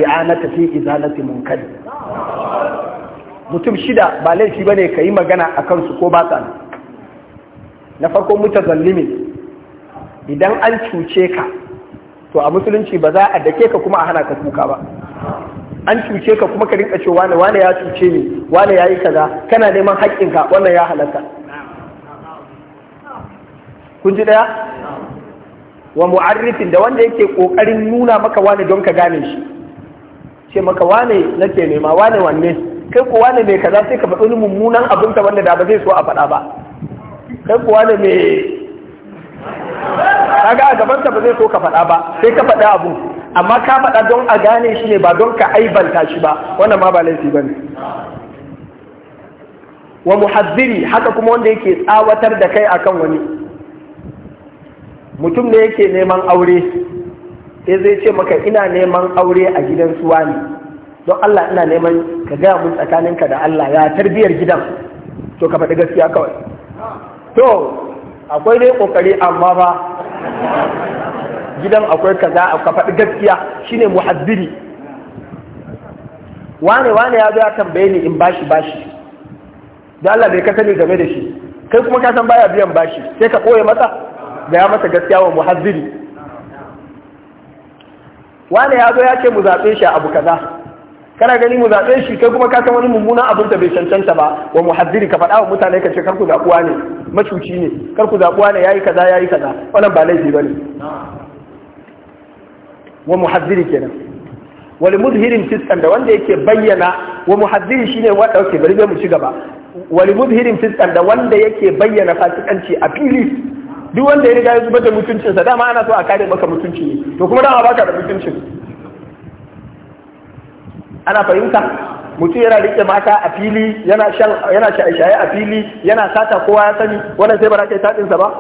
fi izalati munkari mutum shida ba laifi bane yi magana a kansu ko ba ta na farko zallimin idan an cuce ka to a musulunci ba za a dake ka kuma a hana ka kuka ba an cuce ka kuma ka rinka ce wane wane ya cuce ni wane ya yi kaza kana neman haƙƙinka wannan ya halatta kun ji daya wa mu'arrifin da wanda yake kokarin nuna maka wane don ka gane shi ce maka wane nake nema wane wanne kai ko wane mai kaza sai ka faɗi mummunan abin ka wanda da ba zai so a faɗa ba kai ko wane mai kaga a gaban ka ba zai so ka faɗa ba sai ka faɗa abu amma ka faɗa don a gane shi ne ba don ka aibanta shi ba wannan ma ba laifi bane wa muhazziri haka kuma wanda yake tsawatar da kai akan wani mutum ne yake neman aure sai zai ce maka ina neman aure a gidan suwa ne don Allah ina neman ka gaya mun tsakaninka da Allah ya tarbiyar gidan to ka faɗi gaskiya kawai to akwai ne kokari amma ba gidan akwai kaza ka faɗi gaskiya shine muhaddiri wane wane ya zo ya tambaye ni in bashi bashi da Allah bai ka game da shi kai kuma ka san baya biyan bashi sai ka koye masa gaya masa gaskiya wa muhazziri wane ya zo ya ce mu zaɓe shi abu kaza kana gani mu zaɓe shi kai kuma ka san wani mummunan abin da bai cancanta ba wa muhaddiri ka faɗa wa mutane ka ce karku zaɓuwa ne macuci ne karku zaɓuwa ne yayi kaza yayi kaza wannan ba laifi bane wa muhaddiri kenan wal mudhirin fiskan da wanda yake bayyana wa muhaddiri shine wanda dauke bari mu ci gaba wal mudhirin fiskan da wanda yake bayyana fasikanci a fili duk wanda ya riga ya zubar da mutuncinsa dama ana so a kare maka mutunci ne to kuma dama baka da mutuncin ana fahimta mutum yana rike mata a fili yana shan yana shaye a fili yana sata kowa ya sani wannan sai ba za ka yi ba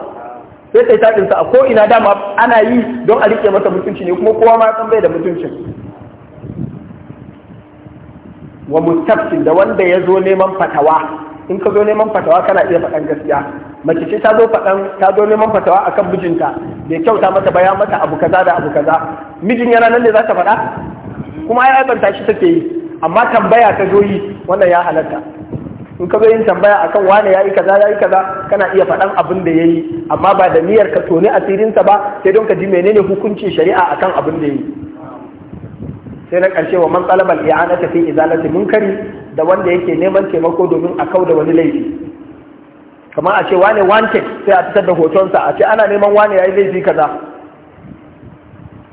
sai ka yi a ko ina dama ana yi don a rike masa mutunci ne kuma kowa ma san bai da mutuncin wa mustaftin da wanda ya zo neman fatawa in ka zo neman fatawa kana iya faɗan gaskiya mace ce ta zo faɗan ta zo neman fatawa akan mijinta bai kyauta mata ba ya mata abu kaza da abu kaza mijin yana nan ne za ta faɗa kuma ya aibanta shi take yi amma tambaya ta zo yi wannan ya halatta in ka zo yin tambaya akan wane yayi kaza yayi kaza kana iya faɗan abin da yayi amma ba da niyyar ka toni asirinsa ba sai don ka ji menene hukuncin shari'a akan abin da ya yi. sai na ƙarshe wa man talaba al-i'anata fi izalati munkari da wanda yake neman taimako domin a kauda wani laifi kamar a ce wane wanted sai a fitar da hotonsa a ce ana neman wane ya yi laifi kaza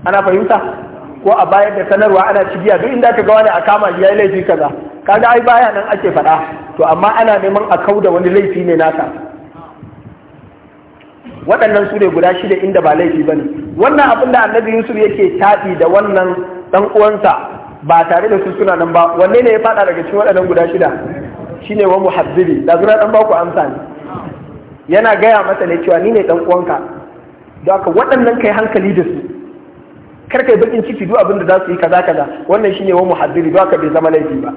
ana fahimta ko a bayar da sanarwa ana cigiya duk inda ka ga wani a kama ya yi laifi kaza kaga ai baya nan ake faɗa to amma ana neman a kauda wani laifi ne naka waɗannan su ne guda shida inda ba laifi bane wannan abin da annabi yusuf yake taɗi da wannan ɗan uwansa ba tare da su suna nan ba wanne ne ya fada daga cikin waɗannan guda shida shine wa muhazzibi da zura dan ku amsa ne yana gaya masa ne cewa ni ne dan uwanka don haka waɗannan kai hankali da su kar kai bakin ciki duk abin da za su yi kaza kaza wannan shine wa muhadiri don haka bai zama laifi ba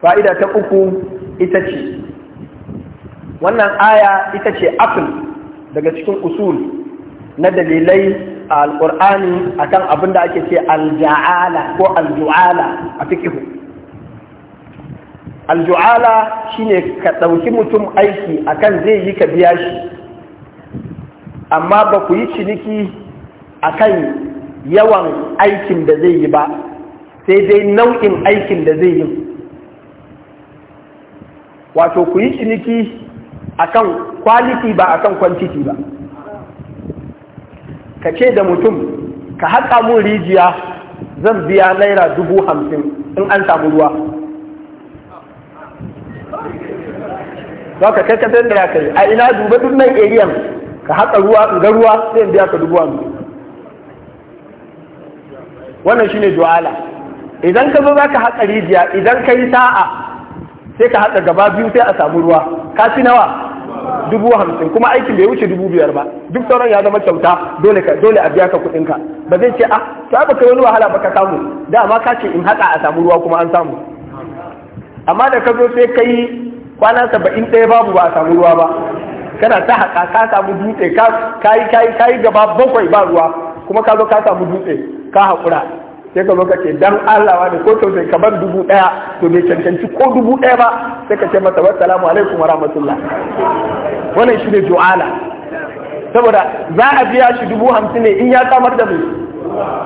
fa'ida ta uku ita ce wannan aya ita ce afil daga cikin usul na dalilai a alƙur'ani akan abin da ake ce alja'ala ko alju'ala a fikihu alju'ala shine ka ɗauki mutum aiki akan zai yi ka biya shi amma ba ku yi ciniki akan yawan aikin da zai yi ba sai dai nau'in aikin da zai yi wato ku yi ciniki akan kwaliti ba akan kwantiti ba ka ce da mutum ka haƙa mun rijiya zan biya naira dubu hamsin in an samu ruwa za ka kai kasar da ya kai a ina duba duk nan eriyan ka haƙa ruwa ga ruwa sai biya ka dubu hamsin wannan shine du'ala idan ka zo za ka haƙa rijiya idan ka yi sa'a sai ka haɗa gaba biyu sai a samu ruwa ka ci nawa dubu hamsin kuma aikin bai wuce dubu biyar ba duk sauran ya zama kyauta dole ka dole a biya ka kuɗin ka ba zai ce a ah, to ba yi wani wahala ba ka samu amma ka ce in haɗa a samu ruwa kuma an samu amma da ka zo sai kai kwana saba'in ɗaya babu ba a samu ruwa ba kana ta haƙa ka samu dutse ka yi gaba bakwai ba ruwa kuma ka zo ka samu dutse ka haƙura sai ka zo ka ce dan Allah ne ko tausayi ka bar dubu ɗaya to bai cancanci ko dubu ɗaya ba sai ka ce masa wassalamu alaikum wa rahmatullah wannan shi ne ju'ala saboda za a biya shi dubu hamsin ne in ya samar da mai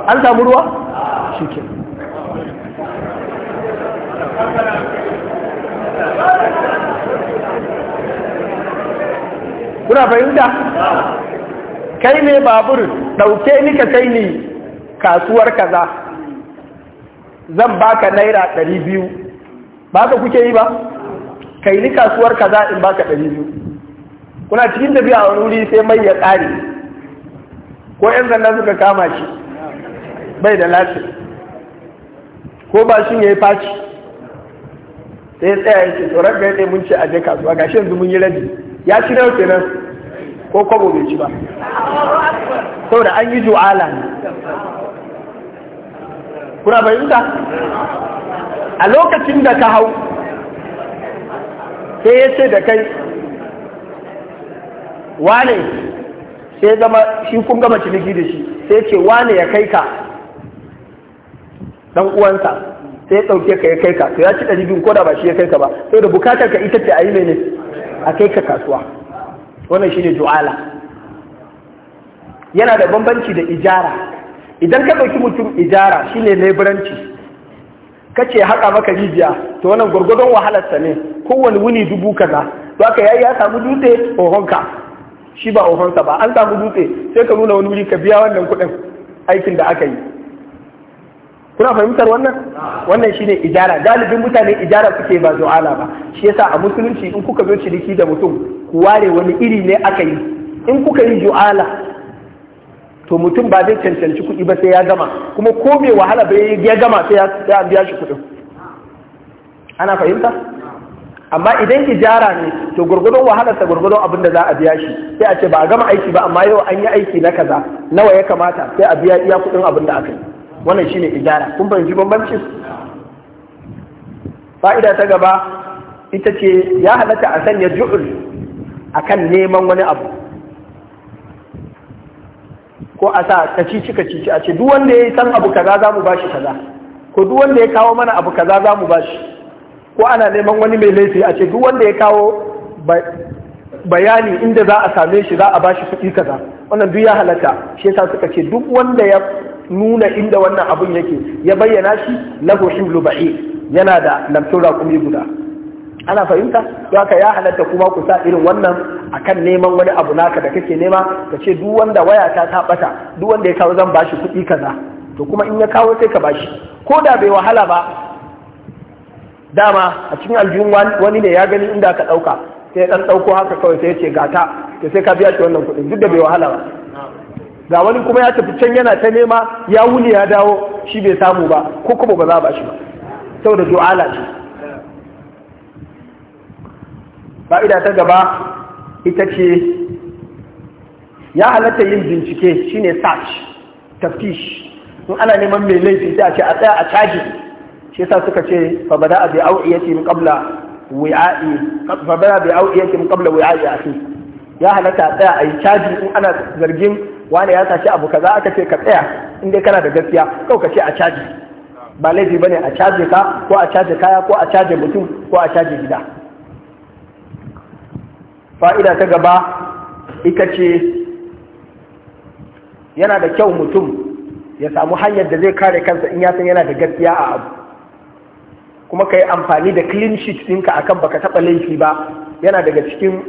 an samu ruwa shi kuna fahimta kai ne babur ɗauke ni ka kai ni kasuwar kaza zan baka naira ɗari biyu ba ka kuke yi ba kai ni kasuwar kaza in baka ɗari biyu kuna cikin tafiya a wuri sai mai ya tsari ko yan zanna suka kama shi bai da lati ko ba shi ya yi faci sai tsaya yake tsoron ga mun ce a je kasuwa ga shi yanzu mun yi rabi ya ci nawa kenan ko kwabo bai ci ba saboda an yi ju'ala ne kuna fahimta a lokacin da ka hau sai ya ce da kai wane sai zama shi kun gama ciniki da shi sai ce wane ya kai ka dan uwansa sai ya ɗauke ka ya kai ka to ya ci ɗari biyu ko da ba shi ya kai ka ba sai da bukatar ka ita ce a yi mene a kai ka kasuwa wannan shine juala yana da bambanci da ijara idan ka ɗauki mutum ijara shi ne shine Ka ce haka maka rijiya to wannan gwargwadon wahalarsa ne kowane wuni dubu kaza to aka yayi ya samu dutse ohonka shi ba ohonsa ba an samu dutse sai ka nuna wani wuri ka biya wannan kuɗin aikin da aka yi kuna fahimtar wannan wannan shine ijara galibin mutane ijara suke ba zu'ala ba shi yasa a musulunci in kuka zo ciniki da mutum ku ware wani iri ne aka yi in kuka yi zu'ala to mutum ba zai cancanci kuɗi ba sai ya gama kuma ko mai wahala ba ya gama sai ya biya shi kuɗin ana fahimta amma idan ijara ne to gurgudun wahalarsa gurgudun abin da za a biya shi sai a ce ba a gama aiki ba amma yau an yi aiki na kaza nawa ya kamata sai a biya iya kuɗin abin da aka yi wannan shine ijara kun fahimci bambanci fa'ida ta gaba ita ce ya halatta a sanya ju'ul akan neman wani abu ko a sa kacici kacici a ce duk wanda ya yi san abu kaza za mu bashi kaza ko duk wanda ya kawo mana abu kaza za mu bashi ko ana neman wani mai laifi a ce duk wanda ya kawo bayani inda za a same shi za a bashi kuɗi kaza wannan duk ya halatta shi yasa suka ce duk wanda ya nuna inda wannan abun yake ya bayyana shi lahu himlu ba'i yana da lamtura kuma guda ana fahimta don haka ya halatta kuma ku sa irin wannan akan neman wani abu naka da kake nema ka ce duk wanda waya ta ta bata duk wanda ya kawo zan bashi kuɗi kaza to kuma in ya kawo sai ka bashi ko da bai wahala ba dama a cikin aljihun wani ne ya gani inda ka ɗauka sai ɗan ɗauko haka kawai sai ya ce gata to sai ka biya shi wannan kuɗi duk da bai wahala ba ga wani kuma ya tafi can yana ta nema ya wuni ya dawo shi bai samu ba ko kuma ba za a bashi ba saboda du'ala ce fa'ida ta gaba ita ce ya halatta yin bincike shine search taftish in ana neman mai laifin ta a ce a tsaya a caji shi sa suka ce fa bai bi yake mu kabla fa bada bi ya halatta a tsaya a yi caji in ana zargin wani ya tashi abu kaza aka ce ka tsaya in dai kana da gaskiya kau ka ce a caji ba laifi ba ne a caji ka ko a caji kaya ko a caji mutum ko a caji gida fa'ida ta gaba ita ce yana da kyau mutum ya samu hanyar da zai kare kansa in ya yana da gaskiya a abu kuma ka yi amfani da clean sheet ɗinka akan baka taɓa laifi ba yana daga cikin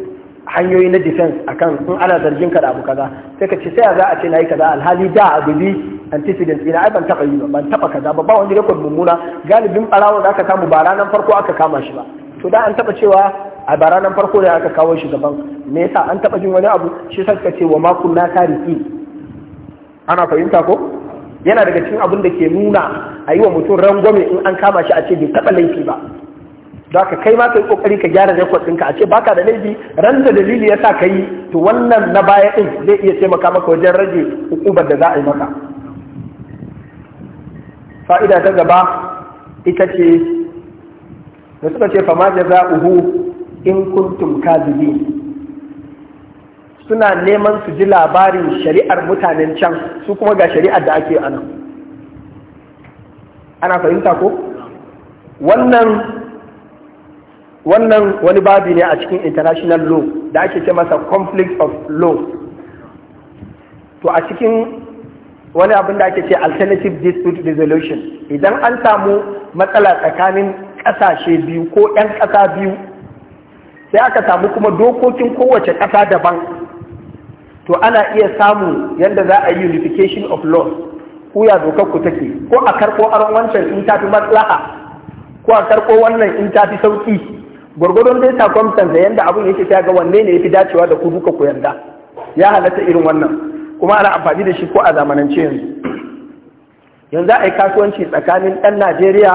hanyoyi na defense akan in ana zargin ka da abu kaza sai ka ce sai a za a ce na yi kaza alhali da a bi antecedent ina ai ban taɓa yi ba ban taɓa kaza ba ba wani rekod mummuna galibin ɓarawon da aka samu ba ranar farko aka kama shi ba to da an taɓa cewa a bara nan farko da aka kawo shugaban me yasa an taba jin wani abu shi suka ce wa ma kunna tariki ana fahimta ko yana daga cikin abin da ke nuna a yi wa mutum rangwame in an kama shi a ce bai taɓa laifi ba Za ka kai ma kai kokari ka gyara rekod ɗinka a ce baka da laifi ran da dalili ya sa ka yi to wannan na baya ɗin zai iya taimaka maka wajen rage hukumar da za a yi maka fa'ida ta gaba ita ce da suka ce fama da in kuntum kadibin suna neman su ji labarin shari'ar mutanen can su kuma ga shari'ar da ake ana ana fahimta ko wannan wannan wani babi ne a cikin international law da ake ce masa conflict of law to a cikin wani abin da ake ce alternative dispute resolution idan an samu matsala tsakanin ƙasashe biyu ko 'yan ƙasa biyu sai aka samu kuma dokokin kowace ƙasa daban to ana iya samu yadda za a yi unification of law. ku ya dokar kanku take ko a karko aron wancan in tafi maslaha ko a karko wannan in tafi sauki gwargwadon dai da yadda abun yake ta ga wanne ne yafi dacewa da ku duka ku yarda ya halatta irin wannan kuma ana amfani da shi ko a zamanance yanzu yanzu a yi kasuwanci tsakanin ɗan Najeriya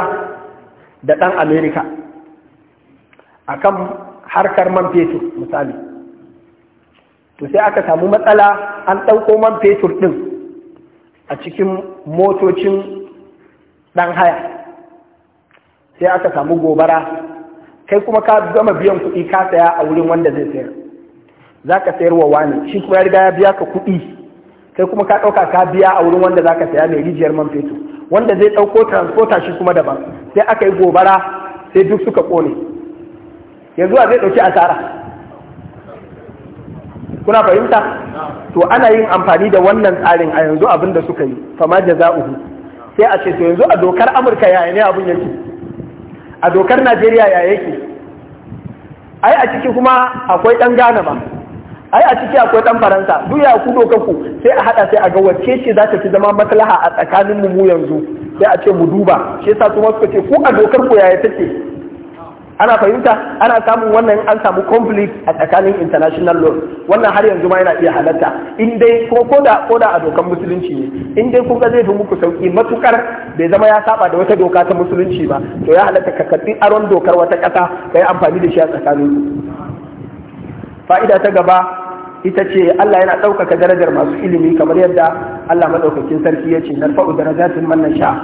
da ɗan Amerika akan harkar man fetur misali to sai aka samu matsala an ɗauko man fetur ɗin a cikin motocin ɗan haya sai aka samu gobara kai kuma ka gama biyan kuɗi ka saya a wurin wanda zai sayar za ka sayar wa wani shi kuma ya riga ya biya ka kuɗi kai kuma ka ɗauka ka biya a wurin wanda za ka saya mai rijiyar man fetur wanda zai ɗauko transporter shi kuma daban sai aka yi gobara sai duk suka ƙone yanzu a zai ɗauki asara kuna fahimta to ana yin amfani da wannan tsarin a yanzu abin da suka yi fama jaza'uhu sai a ce to yanzu a dokar amurka yaya ne abin yake a dokar najeriya yaya yake ai a ciki kuma akwai ɗan ghana ma ai a ciki akwai ɗan faransa duk ya ku dokar ku sai a haɗa sai a ga wacce ce za ta fi zama maslaha a tsakanin mu yanzu sai a ce mu duba shi yasa kuma suka ce ku a dokar ku yaya take ana fahimta ana samun wannan an samu conflict a tsakanin international law wannan har yanzu ma yana iya halatta in dai ko koda koda a dokan musulunci ne in dai kun ga zai fi muku sauki matukar bai zama ya saba da wata doka ta musulunci ba to ya halatta ka karbi aron dokar wata kasa ka yi amfani da shi a tsakanin fa'ida ta gaba ita ce Allah yana ɗaukaka darajar masu ilimi kamar yadda Allah maɗaukakin sarki ya ce na narfa'u darajatin man sha.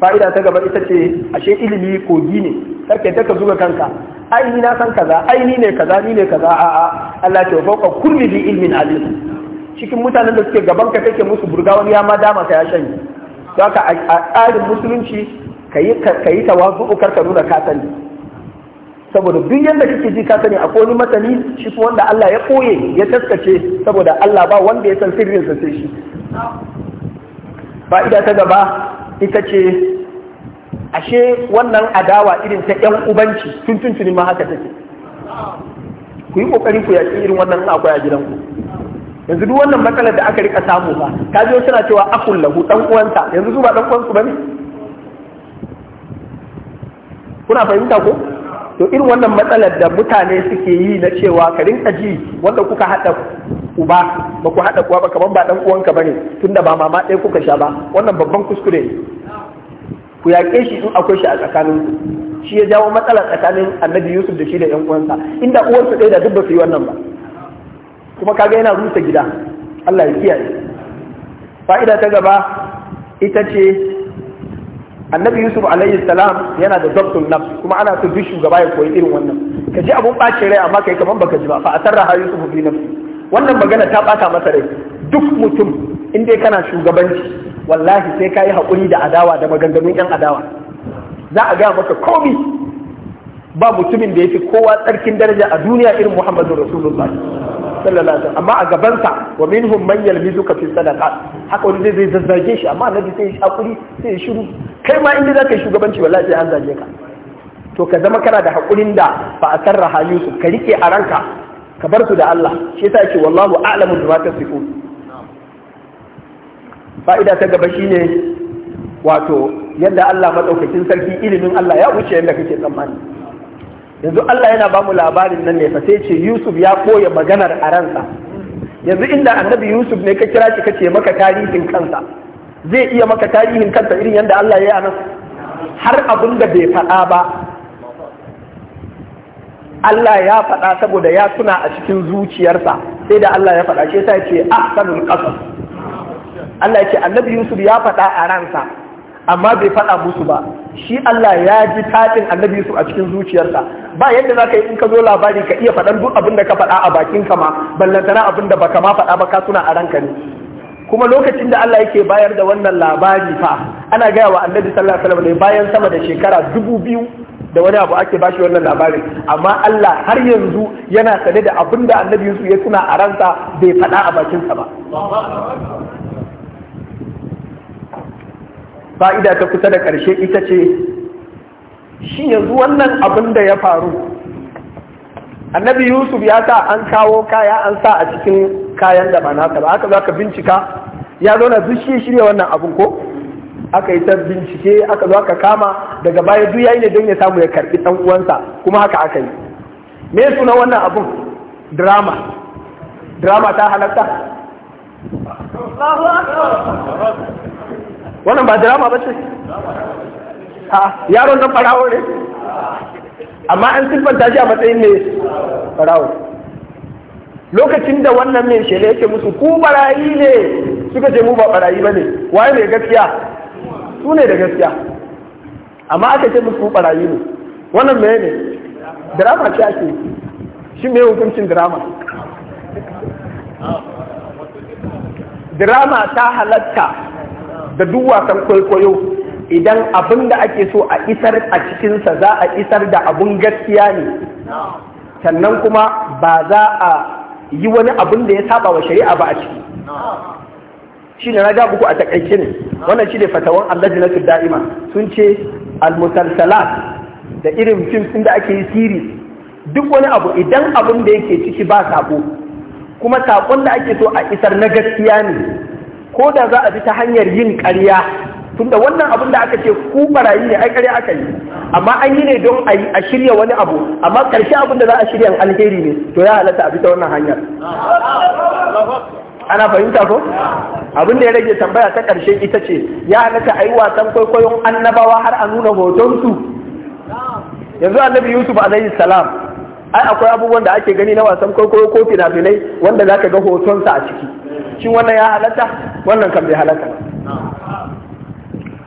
fa'ida ta gaba ita ce ashe ilimi kogi ne sarki ta ka zuga kanka ai ni na san kaza ai ne kaza ni ne kaza a a Allah ce fauka kulli bi ilmin alim cikin mutanen da suke gaban ka kake musu burga wani ya ma dama ka ya shanye to haka a tsarin musulunci kayi kayi tawazu ukar ka nuna ka sani saboda duk yanda kake ji ka sani akwai wani masani shi kuma wanda Allah ya koye ya taskace saboda Allah ba wanda ya san sirrin sa shi fa'ida ta gaba ita ce ashe wannan adawa irin ta yan ubanci tun tuntuni ma haka take ku yi kokari ku yaƙi irin wannan akwai a gidanku yanzu duk wannan matsalar da aka rika samu ba ta zo suna cewa akul lahu dan uwanta yanzu su ba dan uwansu bane kuna fahimta ko to irin wannan matsalar da mutane suke yi na cewa ka rinka ji wanda kuka haɗa uba ba ku haɗa kuwa ba kamar ba ɗan uwanka ba ne tunda ba mama ɗaya kuka sha ba wannan babban kuskure ne ku yaƙe shi in akwai shi a tsakanin shi ya jawo matsala tsakanin annabi yusuf da shi da 'yan uwansa inda uwansa ɗaya da duk ba su yi wannan ba kuma kaga yana rusa gida Allah ya kiyaye fa'ida ta gaba ita ce annabi yusuf alayhi salam yana da dabtun nafs kuma ana so duk shugaba ya koyi irin wannan ka ji abun ɓacin rai amma kai kaman baka ji ba fa'atarra ha yusuf fi nafsi wannan magana ta ɓata masa rai duk mutum in dai kana shugabanci wallahi sai ka yi haƙuri da adawa da maganganun 'yan adawa za a gaya maka komi ba mutumin da ya fi kowa tsarkin daraja a duniya irin muhammadu rasulullah sallallahu amma a gabansa wa minhum man ka fi sadaqat haka wani zai zazzage shi amma annabi sai shakuri sai ya shiru kai ma inda zaka yi shugabanci wallahi sai an zage ka to ka zama kana da hakurin da ba a sarraha Yusuf ka rike a ranka ka bar su da Allah shi yasa ce wallahu a'lamu bima tasifun fa'ida ta gaba shine wato yadda Allah madaukakin sarki ilimin Allah ya wuce yadda kake tsammani yanzu Allah yana ba mu labarin nan ne fa sai ce Yusuf ya koya maganar a ransa yanzu inda annabi Yusuf ne ka kira shi kace maka tarihin kansa zai iya maka tarihin kansa irin yadda Allah ya yi a nan har abin da bai faɗa ba Allah ya faɗa saboda ya tuna a cikin zuciyarsa sai da Allah ya faɗa shi sai ce ahsanul qasas Allah ya ce annabi Yusuf ya faɗa a ransa amma bai faɗa musu ba shi Allah ya ji taɗin annabi Yusuf a cikin zuciyarsa ba yadda za ka yi in ka zo labari ka iya faɗan duk abin da ka faɗa a bakin ka ma ballantana abin da baka ma faɗa ba ka suna a ranka ne kuma lokacin da Allah yake bayar da wannan labari fa ana gaya wa annabi sallallahu alaihi wasallam ne bayan sama da shekara dubu biyu da wani abu ake bashi wannan labarin amma Allah har yanzu yana sane da abin da annabi Yusuf ya tuna a ransa bai faɗa a bakinsa ba fa'ida ta kusa da ƙarshe ita ce shi yanzu wannan abin da ya faru annabi Yusuf ya sa an kawo kaya an sa a cikin kayan da ba nasa ba haka za ka bincika ya zauna duk shi shirya wannan abin ko aka yi ta bincike aka zo aka kama daga baya duk yayi ne don ya samu ya karbi dan uwansa kuma haka aka yi me suna wannan abun drama drama ta halatta wannan ba drama ba ce yaron nan farawo ne amma an siffanta shi a matsayin ne farawo lokacin da wannan mai shele yake musu ku barayi ne suka ce mu ba barayi ba ne waye mai gaskiya su ne da gaskiya amma aka ce musu barayi ne wannan mai ne drama ce ake shi mai hukuncin drama drama ta halatta da duwatsan kwaikwayo idan abin da ake so a isar a cikinsa za a isar da abun gaskiya ne sannan kuma ba za a yi wani abin da ya saba wa shari'a ba a ciki shi ne na ga buku a takaice ne wannan shi ne fatawan allajinatu da'ima sun ce almusalsalat da irin fim sun da ake yi siri duk wani abu idan abin da yake ciki ba sako kuma sakon da ake so a isar na gaskiya ne ko da za a bi ta hanyar yin ƙarya da wannan abin da aka ce ku barayi ne ai ƙarya aka yi amma an yi ne don a shirya wani abu amma ƙarshe abin da za a shirya alheri ne to ya halatta a bi ta wannan hanyar ana fahimta ko abin da ya rage tambaya ta ƙarshe ita ce ya halatta a yi wasan kwaikwayon annabawa har a nuna hotonsu yanzu annabi yusuf alaihi salam ai akwai abubuwan da ake gani na wasan kwaikwayo ko fina-finai wanda za ka ga hotonsa a ciki shin wannan ya halatta wannan kan bai halatta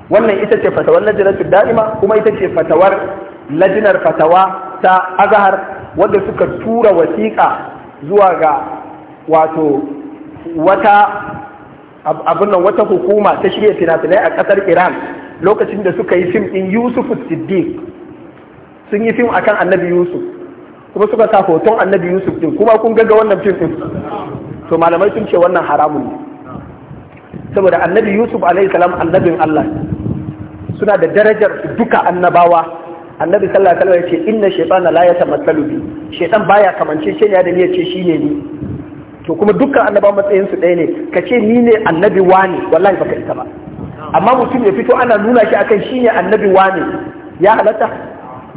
wannan ita ce fatawar lajinatu da'ima kuma ita ce fatawar lajinar fatawa ta azahar wanda suka tura wasiƙa zuwa ga wato wata abin nan wata hukuma ta shirya fina-finai a ƙasar iran lokacin da suka yi fim din yusuf siddiq sun yi fim akan annabi yusuf kuma suka sa hoton annabi yusuf din kuma kun gaga wannan fim din to malamai sun ce wannan haramun ne saboda annabi yusuf alaihissalam annabin allah suna da darajar duka annabawa annabi sallallahu alaihi wasallam ya ce inna shaytana la yatamassalu bi shaytan baya kamance shi ne da ni ya ce shine ni to kuma dukkan annaba matsayin su ɗaya ne ka ce ni ne annabi wani wallahi baka isa ba amma mutum ya fito ana nuna shi akan shi ne annabi wani ya halatta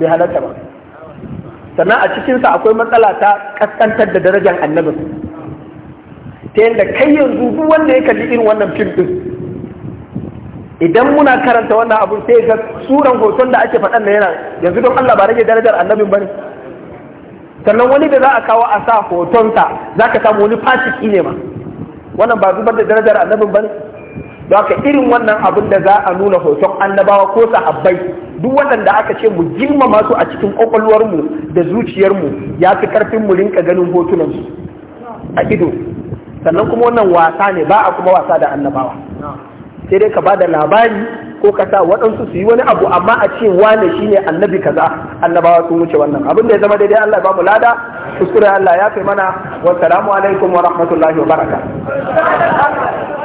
bai halatta ba sannan a cikinsa akwai matsala ta kaskantar da darajar annabin ta yadda kai yanzu duk wanda ya kalli irin wannan fim din idan muna karanta wannan abun sai ga suran hoton da ake faɗan da yana yanzu don Allah ba rage darajar annabin bane ne sannan wani da za a kawo a sa hotonsa za ka samu wani fasiki ne ma wannan ba zubar da darajar annabin ba ne da irin wannan abin da za a nuna hoton annabawa ko sahabbai duk waɗanda aka ce mu girmama su a cikin ƙwaƙwalwarmu da zuciyarmu ya fi ƙarfin mu rinka ganin hotunansu a ido sannan kuma wannan wasa ne ba a kuma wasa da annabawa sai dai ka ba da labari ko ka sa waɗansu su yi wani abu amma a ce wane shi ne annabi kaza annabawa sun wuce wannan abin da ya zama daidai Allah ya mu lada kuskure Allah ya fi mana wa salamu alaikum wa rahmatullahi wa baraka